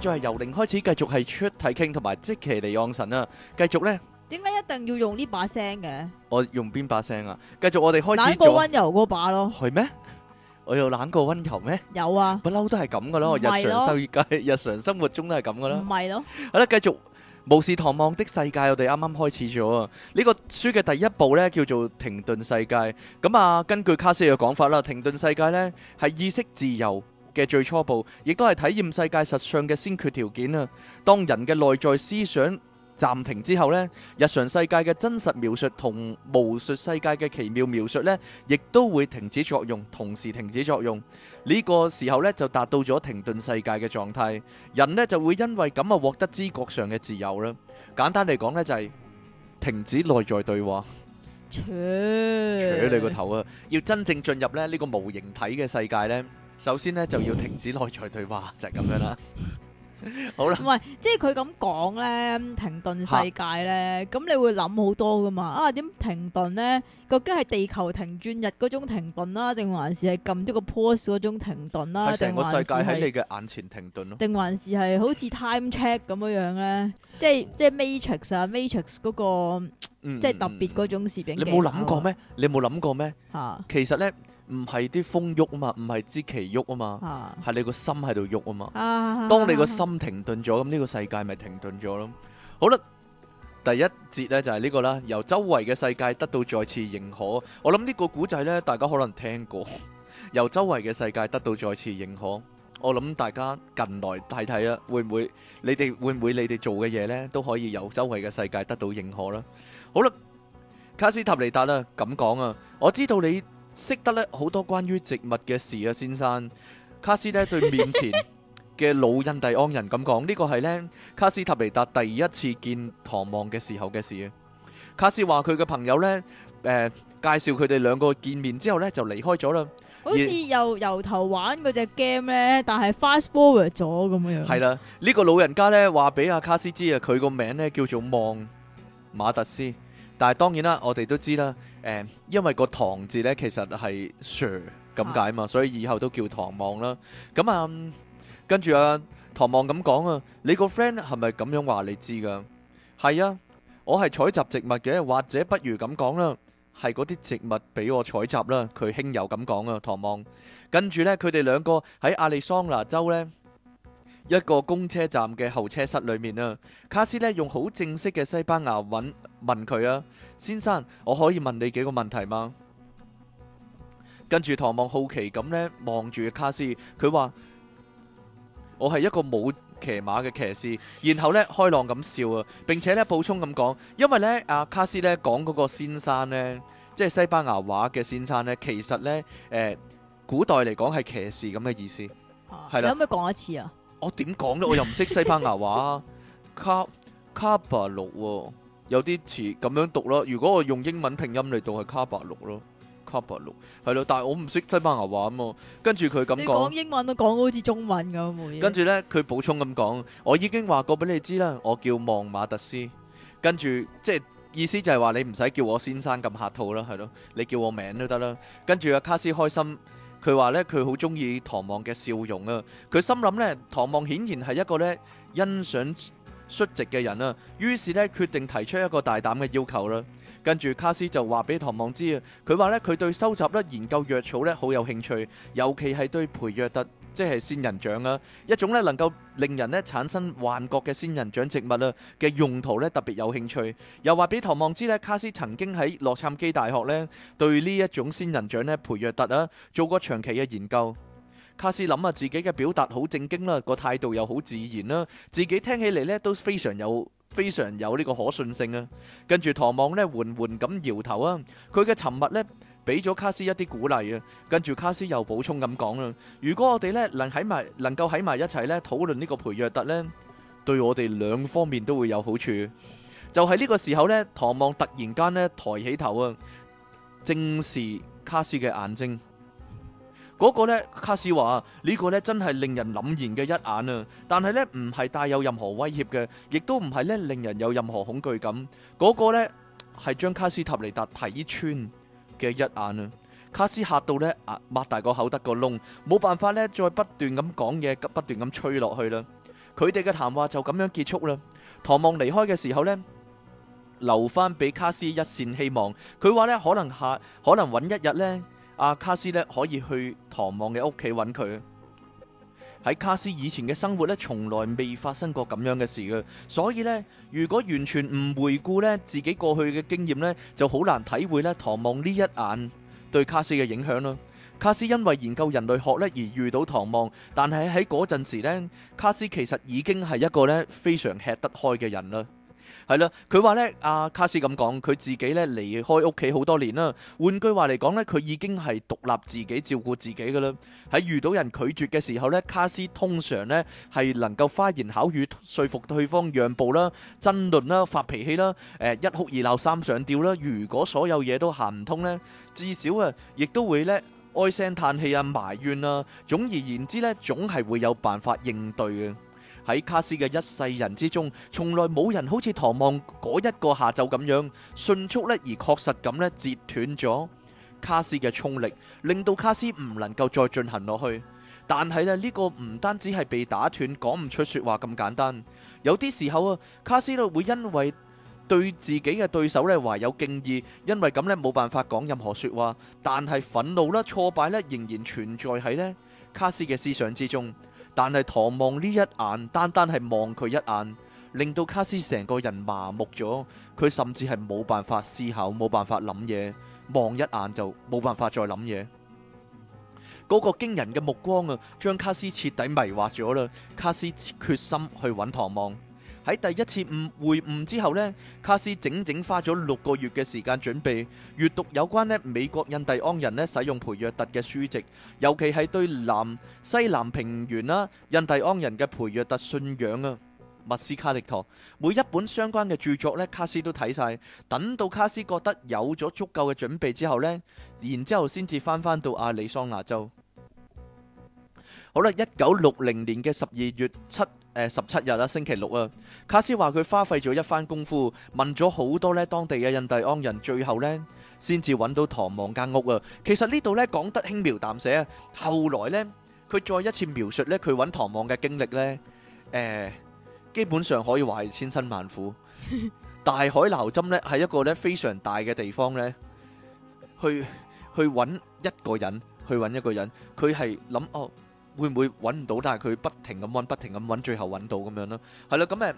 再係由零開始，繼續係出體傾同埋即其地養神啦。繼續咧，點解一定要用呢把聲嘅？我用邊把聲啊？繼續，我哋開始做。冷過溫柔嗰把咯，係咩？我又冷過溫柔咩？有啊，不嬲都係咁噶啦。我日常世界日常生活中都係咁噶啦，唔係咯。好啦，繼續《巫士唐望的世界》，我哋啱啱開始咗啊。呢個書嘅第一部咧叫做《停頓世界》。咁啊，根據卡斯嘅講法啦，《停頓世界》咧係意識自由嘅最初步，亦都係體驗世界實相嘅先決條件啊！當人嘅內在思想暫停之後咧，日常世界嘅真實描述同巫術世界嘅奇妙描述咧，亦都會停止作用，同時停止作用。呢、這個時候呢就達到咗停頓世界嘅狀態，人呢就會因為咁啊獲得知覺上嘅自由啦。簡單嚟講呢就係停止內在對話，扯扯取 你個頭啊！要真正進入咧呢個無形體嘅世界呢。首先咧就要停止內在對話就係、是、咁樣啦， 好啦了，唔係即係佢咁講咧停頓世界咧，咁、啊、你會諗好多噶嘛？啊點停頓咧？究竟係地球停轉日嗰種停頓啦、啊，定還是係撳咗個 pause 嗰種停頓啦、啊？成個世界喺是你嘅眼前停頓咯、啊？定還是係好似 time check 咁樣樣咧？ 即係即係 matrix 啊 matrix 嗰個，即係、嗯、特別嗰種攝影、啊。你冇諗過咩？你冇諗過咩？啊，其實咧。唔係啲風喐啊嘛，唔係支旗喐啊嘛，係你個心喺度喐啊嘛。當你個心停頓咗，咁呢個世界咪停頓咗咯。好啦，第一節咧就係呢個啦，由周圍嘅世界得到再次認可。我諗呢個故仔咧，大家可能聽過。由周圍嘅世界得到再次認可，我諗大家近來睇睇啊，會唔會你哋，會唔會你哋做嘅嘢咧都可以由周圍嘅世界得到認可啦。好啦，卡斯塔尼達啦，咁講啊，我知道你。識得咧好多關於植物嘅事啊，先生。卡斯咧對面前嘅老印第安人咁講，呢個係咧卡斯塔尼達第一次見唐望嘅時候嘅事啊。卡斯話佢嘅朋友咧，誒、呃、介紹佢哋兩個見面之後咧就離開咗啦。好似又由，而，由頭玩嗰隻 game 咧，但係 fast forward 咗咁樣。係啦，呢、呢個老人家咧話俾阿卡斯知啊，佢個名咧叫做望馬特斯，但係當然啦，我哋都知啦。誒，因為個唐字咧，其實係 sir 咁解嘛，所以以後都叫唐望啦。咁啊，跟住啊，唐望咁講啊，你個 friend 係咪咁樣話你知噶？係啊，我係採集植物嘅，或者不如咁講啦，係嗰啲植物俾我採集啦。佢輕柔咁講啊，唐望。跟住咧，佢哋兩個喺亞利桑那州咧。一個公車站嘅候車室裏面啊，卡斯咧用好正式嘅西班牙問問佢啊，先生，我可以問你幾個問題嗎？跟住唐望好奇咁咧望住卡斯，佢話我係一個冇騎馬嘅騎士，然後咧開朗咁笑啊，並且咧補充咁講，因為咧阿、啊、卡斯咧講嗰個先生咧，即係西班牙話嘅先生咧，其實咧誒、呃、古代嚟講係騎士咁嘅意思，係啦、啊，你可唔可以講一次啊？我點講咧？我又唔識西班牙話、啊， 卡卡巴六有啲詞咁樣讀咯。如果我用英文拼音嚟讀係卡巴六咯，卡巴六係咯。但係我唔識西班牙話啊嘛。跟住佢咁講，你講英文都講好似中文咁、啊、跟住呢，佢補充咁講，我已經話過俾你知啦，我叫望馬特斯。跟住即係意思就係話你唔使叫我先生咁客套啦，係咯，你叫我名都得啦。跟住阿卡斯開心。佢話咧，佢好中意唐望嘅笑容啊！佢心諗咧，唐望顯然係一個咧欣賞，率直嘅人啦，於是咧決定提出一個大膽嘅要求啦。跟住卡斯就話俾唐望知啊，佢話咧佢對收集咧研究藥草咧好有興趣，尤其係對培約特，即係仙人掌啊，一種咧能夠令人咧產生幻覺嘅仙人掌植物啊嘅用途咧特別有興趣。又話俾唐望知咧，卡斯曾經喺洛杉磯大學咧對呢一種仙人掌咧培約特啊做過長期嘅研究。卡斯諗下自己嘅表達好正經啦，個態度又好自然啦，自己聽起嚟咧都非常有、非常有呢個可信性啊。跟住唐望咧，緩緩咁搖頭啊。佢嘅沉默咧，俾咗卡斯一啲鼓勵啊。跟住卡斯又補充咁講啦：「如果我哋咧能喺埋，能夠喺埋一齊咧討論呢個培約特咧，對我哋兩方面都會有好處。就喺呢個時候咧，唐望突然間咧抬起頭啊，正視卡斯嘅眼睛。嗰個呢，卡斯話呢、這個呢真係令人凛然嘅一眼啊！但係呢，唔係帶有任何威脅嘅，亦都唔係咧令人有任何恐懼感。嗰、那個呢，係將卡斯塔尼達睇穿嘅一眼啊！卡斯吓到呢，啊，擘大個口得個窿，冇辦法呢，再不斷咁講嘢，急不斷咁吹落去啦。佢哋嘅談話就咁樣結束啦。唐望離開嘅時候呢，留翻俾卡斯一線希望。佢話呢，可能下，可能搵一日呢。阿、啊、卡斯咧可以去唐望嘅屋企揾佢。喺卡斯以前嘅生活咧，從來未發生過咁樣嘅事嘅。所以咧，如果完全唔回顧咧自己過去嘅經驗咧，就好難體會咧唐望呢一眼對卡斯嘅影響咯。卡斯因為研究人類學咧而遇到唐望，但係喺嗰陣時咧，卡斯其實已經係一個咧非常吃得開嘅人啦。係啦，佢話咧阿卡斯咁講，佢自己咧離開屋企好多年啦。換句話嚟講咧，佢已經係獨立自己照顧自己噶啦。喺遇到人拒絕嘅時候咧，卡斯通常咧係能夠花言巧語說服對方讓步啦、爭論啦、發脾氣啦、誒一哭二鬧三上吊啦。如果所有嘢都行唔通咧，至少啊亦都會咧唉聲嘆氣啊埋怨啊。總而言之咧，總係會有辦法應對嘅。喺卡斯嘅一世人之中，從來冇人好似唐望嗰一個下晝咁樣迅速咧而確實咁咧截斷咗卡斯嘅衝力，令到卡斯唔能夠再進行落去。但係咧，呢個唔單止係被打斷講唔出說話咁簡單，有啲時候啊，卡斯咧會因為對自己嘅對手咧懷有敬意，因為咁咧冇辦法講任何說話。但係憤怒啦、挫敗咧仍然存在喺咧卡斯嘅思想之中。但係唐望呢一眼，單單係望佢一眼，令到卡斯成個人麻木咗。佢甚至係冇辦法思考，冇辦法諗嘢，望一眼就冇辦法再諗嘢。嗰個驚人嘅目光啊，將卡斯徹底迷惑咗啦。卡斯決心去搵唐望。喺第一次會晤之後呢，卡斯整整花咗六個月嘅時間準備，閱讀有關咧美國印第安人咧使用培約特嘅書籍，尤其係對南西南平原啦，印第安人嘅培約特信仰啊，密斯卡力陀每一本相關嘅著作呢，卡斯都睇晒。等到卡斯覺得有咗足夠嘅準備之後呢，然之後先至翻返到亞利桑那州。好啦，一九六零年嘅十二月七。誒，十七日啦，星期六啊，卡斯話佢花費咗一番功夫，問咗好多咧當地嘅印第安人，最後咧先至揾到唐望間屋啊。其實呢度咧講得輕描淡寫啊，後來咧佢再一次描述咧佢揾唐望嘅經歷咧，誒，基本上可以話係千辛萬苦，大海撈針咧係一個咧非常大嘅地方咧，去去揾一個人，去揾一個人，佢係諗哦。會唔會揾唔到？但係佢不停咁揾，不停咁揾，最後揾到咁樣咯。係啦，咁誒，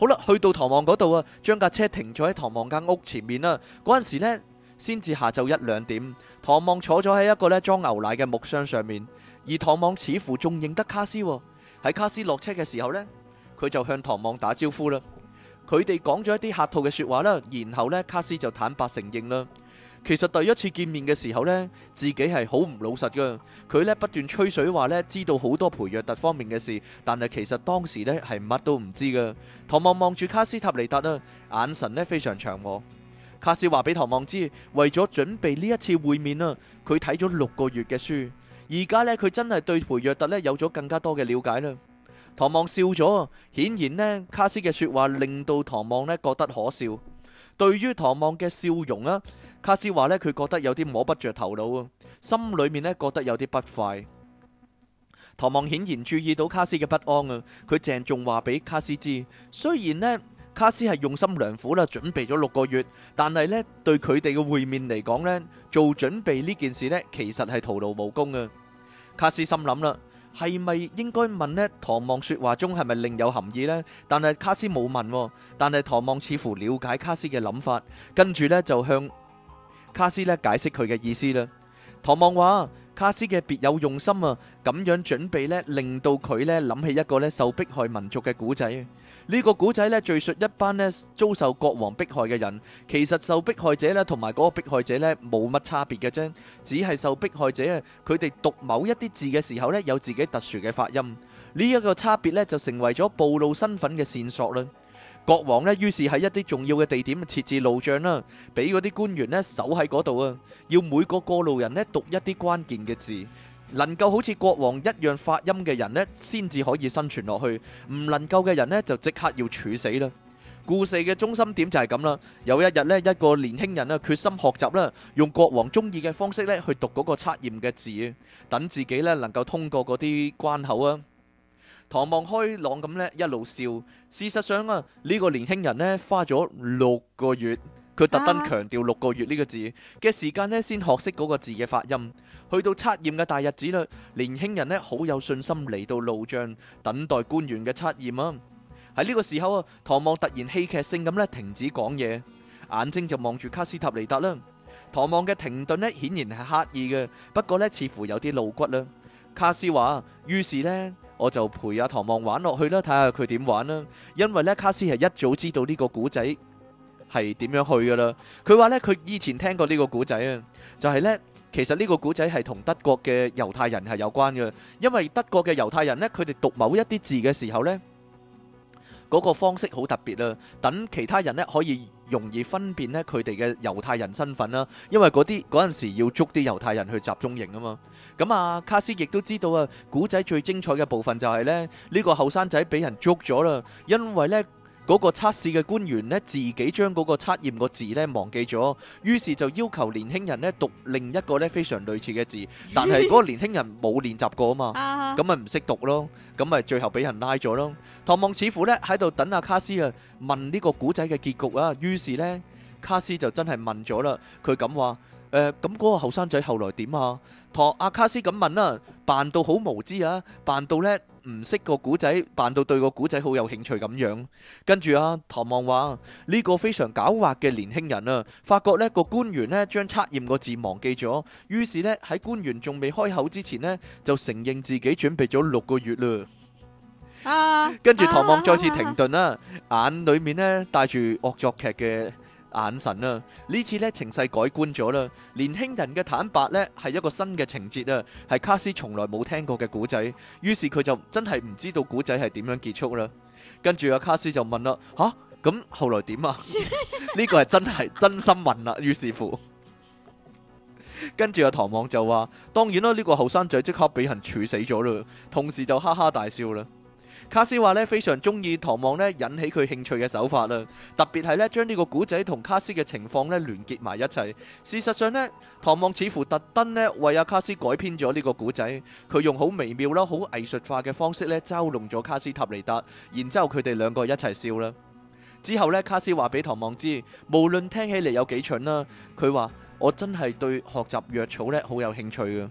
好啦，去到唐望嗰度啊，將架車停咗喺唐望間屋前面啦。嗰陣時呢，先至下晝一兩點。唐望坐咗喺一個呢裝牛奶嘅木箱上面，而唐望似乎仲認得卡斯喎。喺卡斯落車嘅時候呢，佢就向唐望打招呼啦。佢哋講咗一啲客套嘅說話啦，然後呢，卡斯就坦白承認啦。其實第一次見面嘅時候呢，自己係好唔老實噶。佢呢不斷吹水，話呢知道好多培約特方面嘅事，但係其實當時呢係乜都唔知噶。唐望望住卡斯塔尼達啊，眼神呢非常祥和。卡斯話俾唐望知，為咗準備呢一次會面啊，佢睇咗六個月嘅書。而家呢，佢真係對培約特呢有咗更加多嘅了解啦。唐望笑咗，顯然呢卡斯嘅說話令到唐望呢覺得可笑。對於唐望嘅笑容啊。卡斯話呢，佢覺得有啲摸不着頭腦啊，心裏面呢覺得有啲不快。唐望顯然注意到卡斯嘅不安啊，佢鄭重話俾卡斯知，雖然呢，卡斯係用心良苦啦，準備咗六個月，但係呢，對佢哋嘅會面嚟講呢，做準備呢件事呢，其實係徒勞無功啊。卡斯心諗啦，係咪應該問呢？唐望說話中係咪另有含義呢？但係卡斯冇問，但係唐望似乎了解卡斯嘅諗法，跟住呢就向。卡斯咧，解釋佢嘅意思啦，唐望話卡斯嘅別有用心啊，咁樣準備咧，令到佢咧諗起一個咧受迫害民族嘅古仔。呢個古仔咧敘述一班咧遭受國王迫害嘅人，其實受迫害者咧同埋嗰個迫害者咧冇乜差別嘅，啫，只係受迫害者佢哋讀某一啲字嘅時候咧有自己特殊嘅發音，呢一個差別咧就成為咗暴露身份嘅線索啦。國王咧，於是喺一啲重要嘅地點設置路障啦，俾嗰啲官員咧守喺嗰度啊。要每個過路人咧讀一啲關鍵嘅字，能夠好似國王一樣發音嘅人咧，先至可以生存落去；唔能夠嘅人咧，就即刻要處死啦。故事嘅中心點就係咁啦。有一日咧，一個年輕人咧決心學習啦，用國王中意嘅方式咧去讀嗰個測驗嘅字，等自己咧能夠通過嗰啲關口啊。唐望開朗咁咧，一路笑。事實上啊，呢、呢個年輕人呢花咗六個月，佢特登強調六個月呢個字嘅、啊、時間呢先學識嗰個字嘅發音。去到測驗嘅大日子啦，年輕人呢好有信心嚟到路障等待官員嘅測驗啊。喺呢個時候啊，唐望突然戲劇性咁咧停止講嘢，眼睛就望住卡斯塔尼達啦。唐望嘅停頓呢顯然係刻意嘅，不過呢似乎有啲露骨啦。卡斯話，「於是呢。」我就陪阿唐望玩落去啦，睇下佢點玩啦。因為呢，卡斯係一早知道呢個古仔係點樣去噶啦。佢話呢，佢以前聽過呢個古仔啊，就係呢，其實呢個古仔係同德國嘅猶太人係有關嘅。因為德國嘅猶太人呢，佢哋讀某一啲字嘅時候呢，嗰個方式好特別啊，等其他人呢可以。容易分辨咧佢哋嘅猶太人身份啦，因為嗰啲嗰時要捉啲猶太人去集中營啊嘛。咁啊，卡斯亦都知道啊，古仔最精彩嘅部分就係呢，呢個後生仔俾人捉咗啦，因為呢，嗰個測試嘅官員咧，自己將嗰個測驗個字咧忘記咗，於是就要求年輕人咧讀另一個咧非常類似嘅字，但係嗰個年輕人冇練習過啊嘛，咁咪唔識讀咯，咁咪最後俾人拉咗咯。唐望似乎咧喺度等阿卡斯啊問呢個古仔嘅結局啊，於是咧卡斯就真係問咗啦，佢咁話：誒咁嗰個後生仔後來點啊？唐阿卡斯咁問啦，扮到好無知啊，扮到咧。唔識個古仔，扮到對個古仔好有興趣咁樣。跟住啊，唐望話呢、這個非常狡猾嘅年輕人啊，發覺呢個官員呢將測驗個字忘記咗，於是呢，喺官員仲未開口之前呢，就承認自己準備咗六個月啦。啊！跟住唐望再次停頓啦、啊，啊啊啊、眼裏面呢帶住惡作劇嘅。眼神啊，呢次呢，情勢改觀咗啦，年輕人嘅坦白呢，係一個新嘅情節啊，係卡斯從來冇聽過嘅古仔，於是佢就真係唔知道古仔係點樣結束啦。跟住阿、啊、卡斯就問啦：吓、啊、咁後來點啊？呢 個係真係真心問啦。於是乎，跟住阿唐望就話：當然啦，呢、呢個後生仔即刻俾人處死咗啦，同時就哈哈大笑啦。卡斯話咧非常中意唐望咧引起佢興趣嘅手法啦，特別係咧將呢個古仔同卡斯嘅情況咧聯結埋一齊。事實上呢，唐望似乎特登咧為阿卡斯改編咗呢個古仔，佢用好微妙啦、好藝術化嘅方式咧嘲弄咗卡斯塔尼達，然之後佢哋兩個一齊笑啦。之後呢，卡斯話俾唐望知，無論聽起嚟有幾蠢啦，佢話我真係對學習藥草咧好有興趣噶。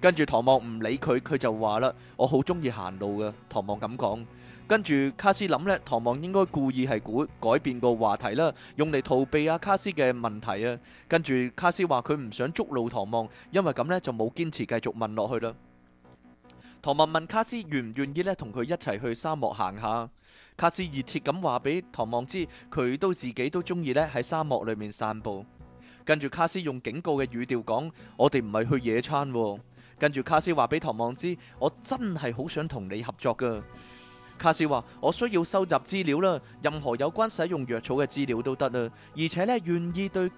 跟住唐望唔理佢，佢就話啦：，我好中意行路嘅。唐望咁講，跟住卡斯諗呢，唐望應該故意係改改變個話題啦，用嚟逃避阿、啊、卡斯嘅問題啊。跟住卡斯話佢唔想捉路唐望，因為咁呢就冇堅持繼續問落去啦。唐望問卡斯願唔願意呢同佢一齊去沙漠行下？卡斯熱切咁話俾唐望知，佢都自己都中意呢喺沙漠裏面散步。跟住卡斯用警告嘅語調講：，我哋唔係去野餐、哦。跟住卡斯話俾唐望知，我真係好想同你合作噶。卡斯話，我需要收集資料啦，任何有關使用藥草嘅資料都得啦，而且呢，願意對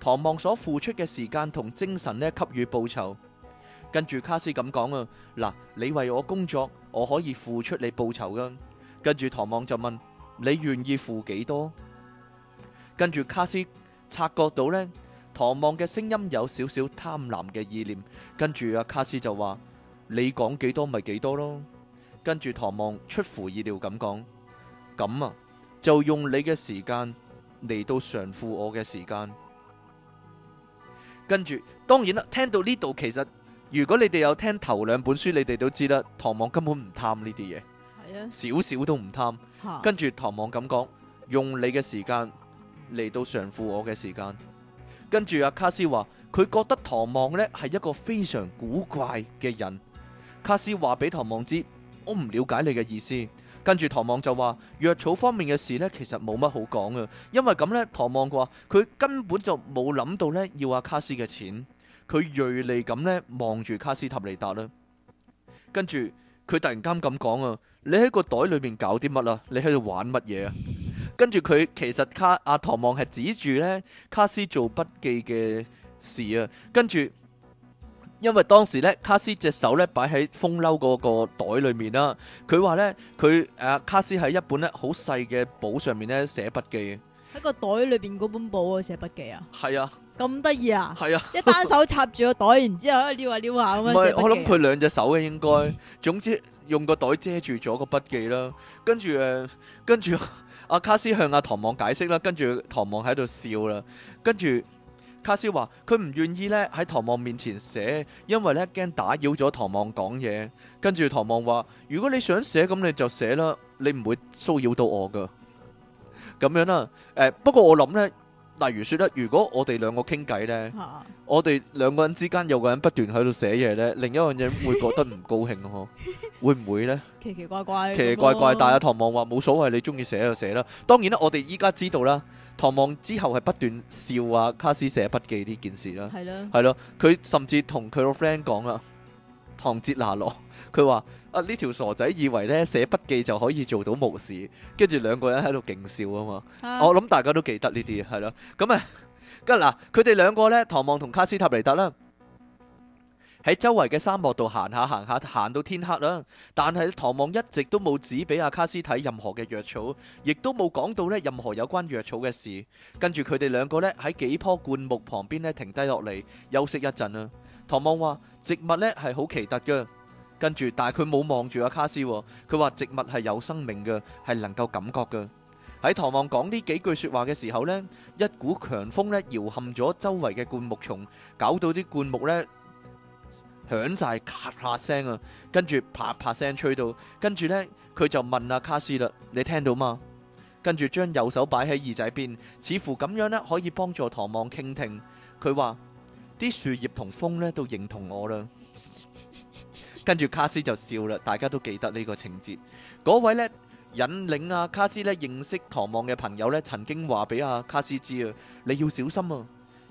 唐望所付出嘅時間同精神呢給予報酬。跟住卡斯咁講啊，嗱，你為我工作，我可以付出你報酬噶。跟住唐望就問你願意付幾多？跟住卡斯察覺到呢。唐望嘅聲音有少少貪婪嘅意念，跟住阿卡斯就話：你講幾多咪幾多咯。跟住唐望出乎意料咁講：咁啊，就用你嘅時間嚟到償付我嘅時間。跟住當然啦，聽到呢度其實，如果你哋有聽頭兩本書，你哋都知啦。唐望根本唔貪呢啲嘢，的少少都唔貪。跟住唐望咁講：用你嘅時間嚟到償付我嘅時間。跟住阿、啊、卡斯話，佢覺得唐望呢係一個非常古怪嘅人。卡斯話俾唐望知，我唔了解你嘅意思。跟住唐望就話，藥草方面嘅事呢，其實冇乜好講啊。因為咁呢，唐望話佢根本就冇諗到呢要阿、啊、卡斯嘅錢。佢銳利咁呢，望住卡斯塔尼達啦。跟住佢突然間咁講啊，你喺個袋裏面搞啲乜啊？你喺度玩乜嘢啊？跟住佢其實卡阿、啊、唐望係指住咧卡斯做筆記嘅事啊，跟住因為當時咧卡斯隻手咧擺喺風褸嗰個袋裏面啦、啊，佢話咧佢誒卡斯喺一本咧好細嘅簿上面咧寫筆記，喺個袋裏邊嗰本簿寫筆記啊，係啊，咁得意啊，係是啊， 一單手插住個袋，然之後喺度撩下撩下咁樣寫筆記啊，唔係，我諗佢兩隻手嘅、啊、應該， 總之用個袋遮住咗個筆記啦、啊，跟住誒、啊，跟住。啊跟阿卡斯向阿唐望解釋啦，跟住唐望喺度笑啦，跟住卡斯話佢唔願意咧喺唐望面前寫，因為咧驚打擾咗唐望講嘢。跟住唐望話：如果你想寫咁你就寫啦，你唔會騷擾到我噶。咁樣啦，誒，不過我諗咧。例如説咧，如果我哋兩個傾偈呢，啊、我哋兩個人之間有個人不斷喺度寫嘢呢，另一個人會覺得唔高興呵， 會唔會呢？奇奇怪怪，怪，奇奇怪怪。但阿唐望話冇所謂，你中意寫就寫啦。當然啦，我哋依家知道啦，唐望之後係不斷笑啊，卡斯寫筆記呢件事啦，係咯的，佢甚至同佢個 friend 講啊，唐哲拿羅，佢話。啊！呢條傻仔以為咧寫筆記就可以做到巫士，跟住兩個人喺度勁笑，uh. 啊嘛！我諗大家都記得呢啲，係咯咁啊！嗱，佢、啊、哋兩個呢，唐望同卡斯塔尼達啦，喺周圍嘅沙漠度行下行下，行到天黑啦。但係唐望一直都冇指俾阿卡斯睇任何嘅藥草，亦都冇講到咧任何有關藥草嘅事。跟住佢哋兩個呢，喺幾棵灌木旁邊咧停低落嚟休息一陣啦。唐望話：植物呢係好奇特嘅。跟住，但係佢冇望住阿卡斯，佢話植物係有生命嘅，係能夠感覺嘅。喺唐望講呢幾句說話嘅時候呢，一股強風呢搖撼咗周圍嘅灌木叢，搞到啲灌木呢響晒咔咔聲啊！跟住啪啪聲吹到，跟住呢，佢就問阿卡斯啦：你聽到嗎？跟住將右手擺喺耳仔邊，似乎咁樣呢，可以幫助唐望傾聽。佢話啲樹葉同風呢，都認同我啦。跟住卡斯就笑啦，大家都記得呢個情節。嗰位呢引領阿卡斯咧認識唐望嘅朋友呢，曾經話俾阿卡斯知啊，你要小心啊，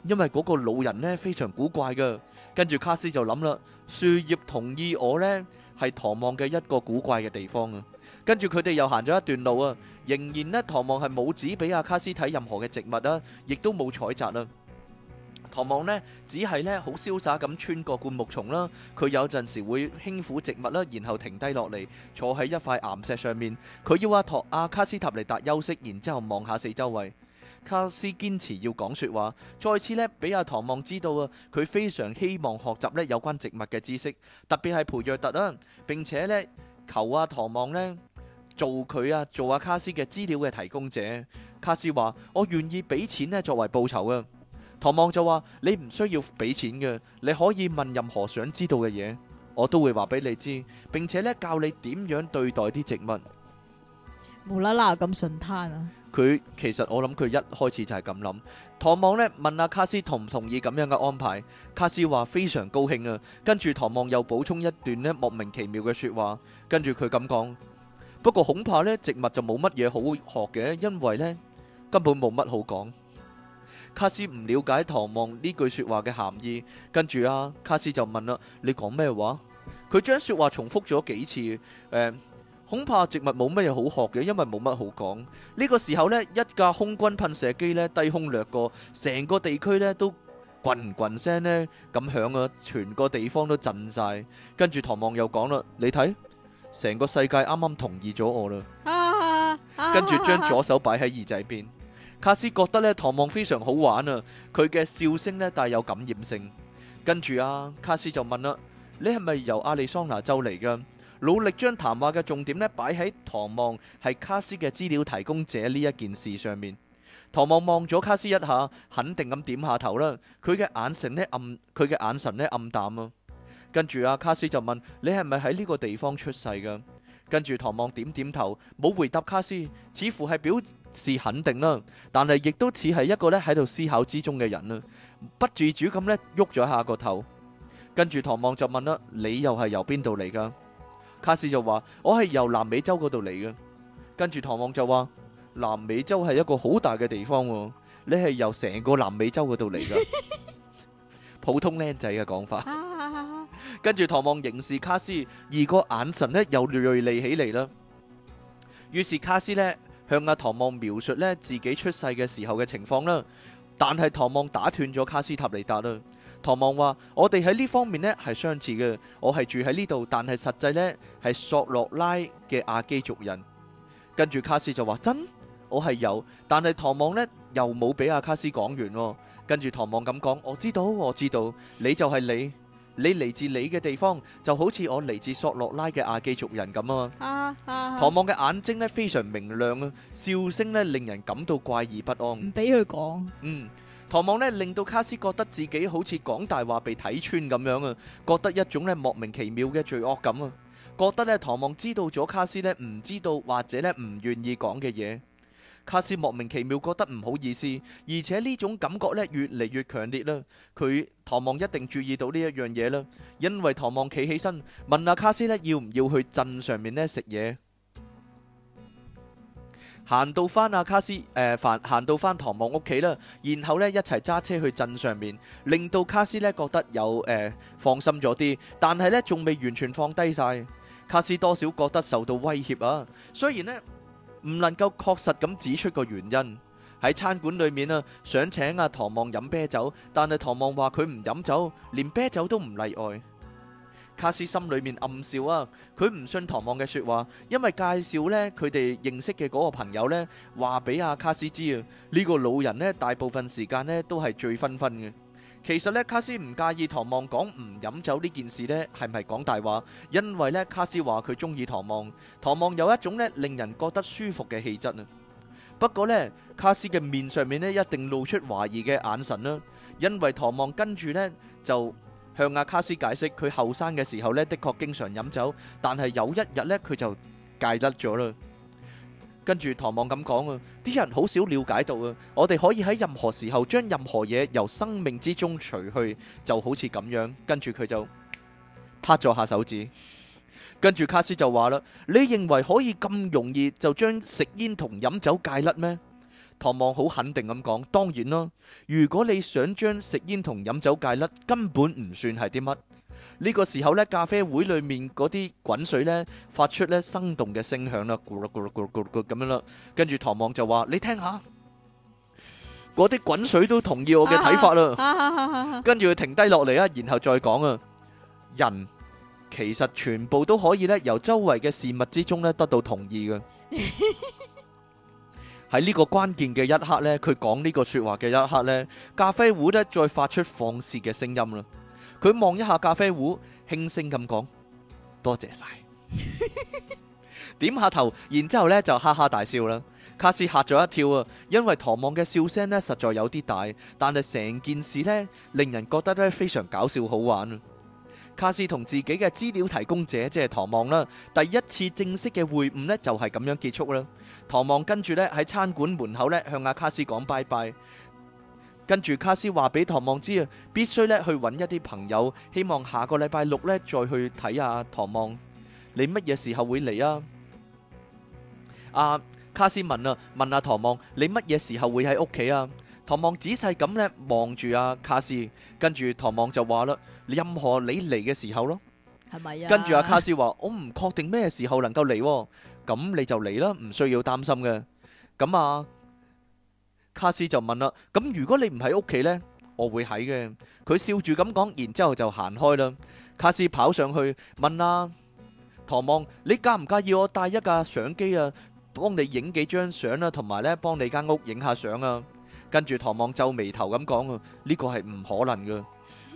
因為嗰個老人呢非常古怪嘅。跟住卡斯就諗啦，樹葉同意我呢係唐望嘅一個古怪嘅地方啊。跟住佢哋又行咗一段路啊，仍然呢唐望係冇指俾阿卡斯睇任何嘅植物啊，亦都冇採摘啊。唐望呢，只係咧好瀟灑咁穿過灌木叢啦。佢有陣時會輕撫植物啦，然後停低落嚟坐喺一塊岩石上面。佢要阿托阿、啊、卡斯塔尼達休息，然之後望下四周圍。卡斯堅持要講說話，再次呢，俾阿唐望知道啊，佢非常希望學習呢有關植物嘅知識，特別係培約特啊。並且呢，求阿唐望呢做佢啊做阿卡斯嘅資料嘅提供者。卡斯話：我願意俾錢呢作為報酬啊！唐望就話：你唔需要俾錢嘅，你可以問任何想知道嘅嘢，我都會話俾你知，並且咧教你點樣對待啲植物。無啦啦咁順攤啊！佢其實我諗佢一開始就係咁諗。唐望咧問阿卡斯同唔同意咁樣嘅安排，卡斯話非常高興啊。跟住唐望又補充一段咧莫名其妙嘅說話，跟住佢咁講。不過恐怕咧植物就冇乜嘢好學嘅，因為咧根本冇乜好講。卡斯唔了解唐望呢句說話嘅含義，跟住啊，卡斯就問啦：你講咩話？佢將說話重複咗幾次。誒，恐怕植物冇乜嘢好學嘅，因為冇乜好講。呢個時候咧，一架空軍噴射機咧低空掠過，成個地區咧都滾滾聲咧咁響啊！全個地方都震晒。跟住唐望又講啦：你睇，成個世界啱啱同意咗我啦。跟住將左手擺喺耳仔邊。卡斯覺得咧唐望非常好玩啊，佢嘅笑聲呢帶有感染性。跟住啊，卡斯就問啦：你係咪由亞利桑那州嚟噶努力將談話嘅重點呢擺喺唐望係卡斯嘅資料提供者呢一件事上面。唐望望咗卡斯一下，肯定咁點下頭啦。佢嘅眼神呢暗，佢嘅眼神呢暗淡啊。跟住啊，卡斯就問：你係咪喺呢個地方出世噶？跟住唐望點點頭，冇回答卡斯，似乎係表。是肯定啦，但係亦都似係一個咧喺度思考之中嘅人啦，不自主咁咧喐咗下個頭，跟住唐望就問啦：你又係由邊度嚟噶？卡斯就話：我係由南美洲嗰度嚟嘅。跟住唐望就話：南美洲係一個好大嘅地方，你係由成個南美洲嗰度嚟噶？普通僆仔嘅講法。跟住唐望凝視卡斯，而個眼神咧又銳利起嚟啦。於是卡斯咧。向阿唐望描述呢自己出世嘅時候嘅情況啦，但係唐望打斷咗卡斯塔尼達啦。唐望話：我哋喺呢方面呢係相似嘅，我係住喺呢度，但係實際呢係索洛拉嘅阿基族人。跟住卡斯就話：真？我係有，但係唐望呢又冇俾阿卡斯講完。跟住唐望咁講：我知道，我知道，你就係你。你嚟自你嘅地方，就好似我嚟自索洛拉嘅阿基族人咁啊！ 唐望嘅眼睛咧非常明亮啊，笑聲咧令人感到怪異不安。唔俾佢講。嗯，唐望咧令到卡斯覺得自己好似講大話被睇穿咁樣啊，覺得一種咧莫名其妙嘅罪惡感啊，覺得咧唐望知道咗卡斯咧唔知道或者咧唔願意講嘅嘢。卡斯莫名其妙覺得唔好意思，而且呢種感覺咧越嚟越強烈啦。佢唐望一定注意到呢一樣嘢啦，因為唐望企起身問阿、啊、卡斯咧要唔要去鎮上面咧食嘢。行到返阿、啊、卡斯誒，行、呃、到返唐望屋企啦，然後呢，一齊揸車去鎮上面，令到卡斯咧覺得有誒、呃、放心咗啲，但係呢，仲未完全放低晒。卡斯多少覺得受到威脅啊，雖然呢。唔能夠確實咁指出個原因。喺餐館裏面啊，想請阿唐望飲啤酒，但係唐望話佢唔飲酒，連啤酒都唔例外。卡斯心裏面暗笑啊，佢唔信唐望嘅說話，因為介紹呢佢哋認識嘅嗰個朋友呢，話俾阿卡斯知啊，呢個老人呢，大部分時間呢，都係醉醺醺嘅。其實咧，卡斯唔介意唐望講唔飲酒呢件事呢，係咪係講大話？因為呢，卡斯話佢中意唐望，唐望有一種咧令人覺得舒服嘅氣質啊。不過呢，卡斯嘅面上面咧一定露出懷疑嘅眼神啦，因為唐望跟住呢，就向阿、啊、卡斯解釋，佢後生嘅時候呢，的確經常飲酒，但係有一日呢，佢就戒甩咗啦。跟住唐望咁講啊，啲人好少了解到啊。我哋可以喺任何時候將任何嘢由生命之中除去，就好似咁樣。跟住佢就拍咗下手指，跟住卡斯就話啦：「你認為可以咁容易就將食煙同飲酒戒甩咩？」唐望好肯定咁講：「當然啦。如果你想將食煙同飲酒戒甩，根本唔算係啲乜。」呢個時候呢，咖啡壺裏面嗰啲滾水呢，發出呢生動嘅聲響啦，咕嚕咕嚕咕嚕咕嚕咁樣啦。跟住唐望就話：你聽下，嗰啲滾水都同意我嘅睇法啦。跟住佢停低落嚟啊，然後再講啊，人其實全部都可以呢，由周圍嘅事物之中呢得到同意嘅。喺呢 個關鍵嘅一刻呢，佢講呢個說話嘅一刻呢，咖啡壺呢再發出放肆嘅聲音啦。佢望一下咖啡壺，輕聲咁講：多謝晒謝。 點下頭，然之後呢就哈哈大笑啦。卡斯嚇咗一跳啊，因為唐望嘅笑聲呢實在有啲大，但係成件事呢令人覺得呢非常搞笑好玩。卡斯同自己嘅資料提供者即係唐望啦，第一次正式嘅會晤呢就係咁樣結束啦。唐望跟住呢喺餐館門口呢向阿卡斯講拜拜。跟住卡斯話俾唐望知啊，必須咧去揾一啲朋友，希望下個禮拜六咧再去睇下唐望。你乜嘢時候會嚟啊？阿、啊、卡斯問啊，問阿、啊、唐望你乜嘢時候會喺屋企啊？唐望仔細咁咧望住阿卡斯，跟住唐望就話啦，你任何你嚟嘅時候咯，係咪啊？跟住阿卡斯話，我唔確定咩時候能夠嚟、啊，咁、嗯、你就嚟啦，唔需要擔心嘅，咁、嗯、啊。卡斯就問啦：咁如果你唔喺屋企呢？我會喺嘅。佢笑住咁講，然之後就行開啦。卡斯跑上去問啦：唐望，你介唔介意我帶一架相機啊，幫你影幾張相啊，同埋呢幫你間屋影下相啊？跟住唐望皺眉頭咁講：呢個係唔可能嘅。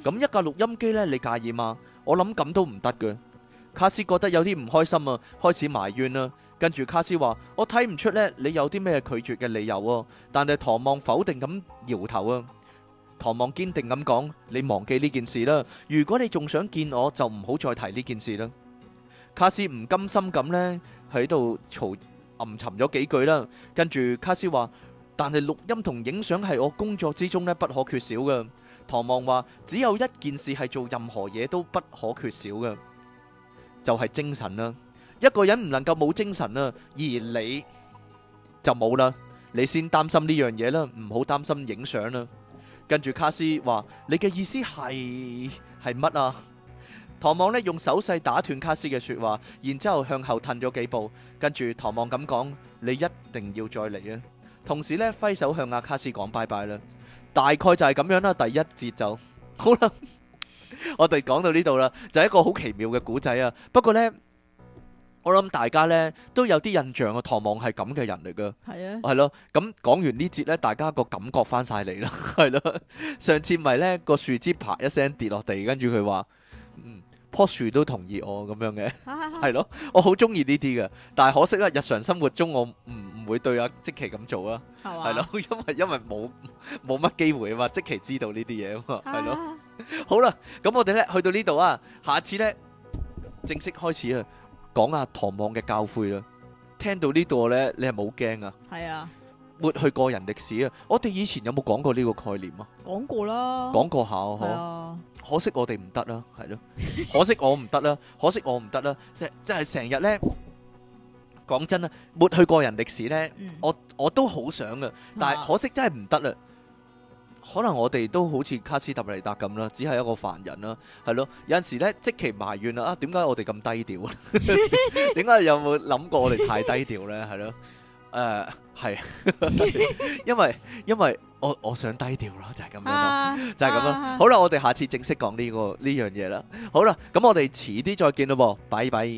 咁一架錄音機呢，你介意嗎？我諗咁都唔得嘅。卡斯覺得有啲唔開心啊，開始埋怨啦。跟住卡斯話：我睇唔出呢，你有啲咩拒絕嘅理由？但係唐望否定咁搖頭啊。唐望堅定咁講：你忘記呢件事啦。如果你仲想見我，就唔好再提呢件事啦。卡斯唔甘心咁呢，喺度嘈吟沉咗幾句啦。跟住卡斯話：但係錄音同影相係我工作之中呢，不可缺少㗎。唐望話：只有一件事係做任何嘢都不可缺少㗎，就係精神啦。一個人唔能夠冇精神啊，而你就冇啦，你先擔心呢樣嘢啦，唔好擔心影相啦。跟住卡斯話：你嘅意思係係乜啊？唐望咧用手勢打斷卡斯嘅說話，然之後向後褪咗幾步，跟住唐望咁講：你一定要再嚟啊！同時咧揮手向阿卡斯講拜拜啦。大概就係咁樣啦。第一節就好啦，我哋講到呢度啦，就係一個好奇妙嘅古仔啊。不過咧。我諗大家咧都有啲印象啊，唐望係咁嘅人嚟噶，係啊是的，係咯。咁講完呢節咧，大家個感覺翻晒嚟啦，係咯。上次咪咧個樹枝啪一聲跌落地，跟住佢話，嗯，棵樹都同意我咁樣嘅，係咯。 我好中意呢啲噶，但係可惜啦，日常生活中我唔唔會對阿積奇咁做啊，係咯的，因為因為冇冇乜機會啊嘛，積奇知道呢啲嘢啊嘛，係咯。 好啦，咁我哋咧去到呢度啊，下次咧正式開始啊。講下，唐望嘅教誨啦，聽到呢度咧，你係冇驚啊？係啊，抹去個人歷史啊！我哋以前有冇講過呢個概念啊？講過啦，講過下哦嗬，可惜我哋唔得啦，係咯，可惜我唔得啦，可惜我唔得啦，即係即係成日咧，講真啊，抹去個人歷史咧，我我都好想噶，但係可惜真係唔得啦。可能我哋都好似卡斯塔尼達咁啦，只係一個凡人啦，係咯。有陣時咧，即其埋怨啦，啊，點解我哋咁低調？點解 有冇諗過我哋太低調咧？係咯，誒、uh，係， 因為因為我我想低調咯，就係、是、咁樣咯，uh, 就係咁咯，uh, 這個、咯。好啦，我哋下次正式講呢個呢樣嘢啦。好啦，咁我哋遲啲再見啦，啵，拜拜。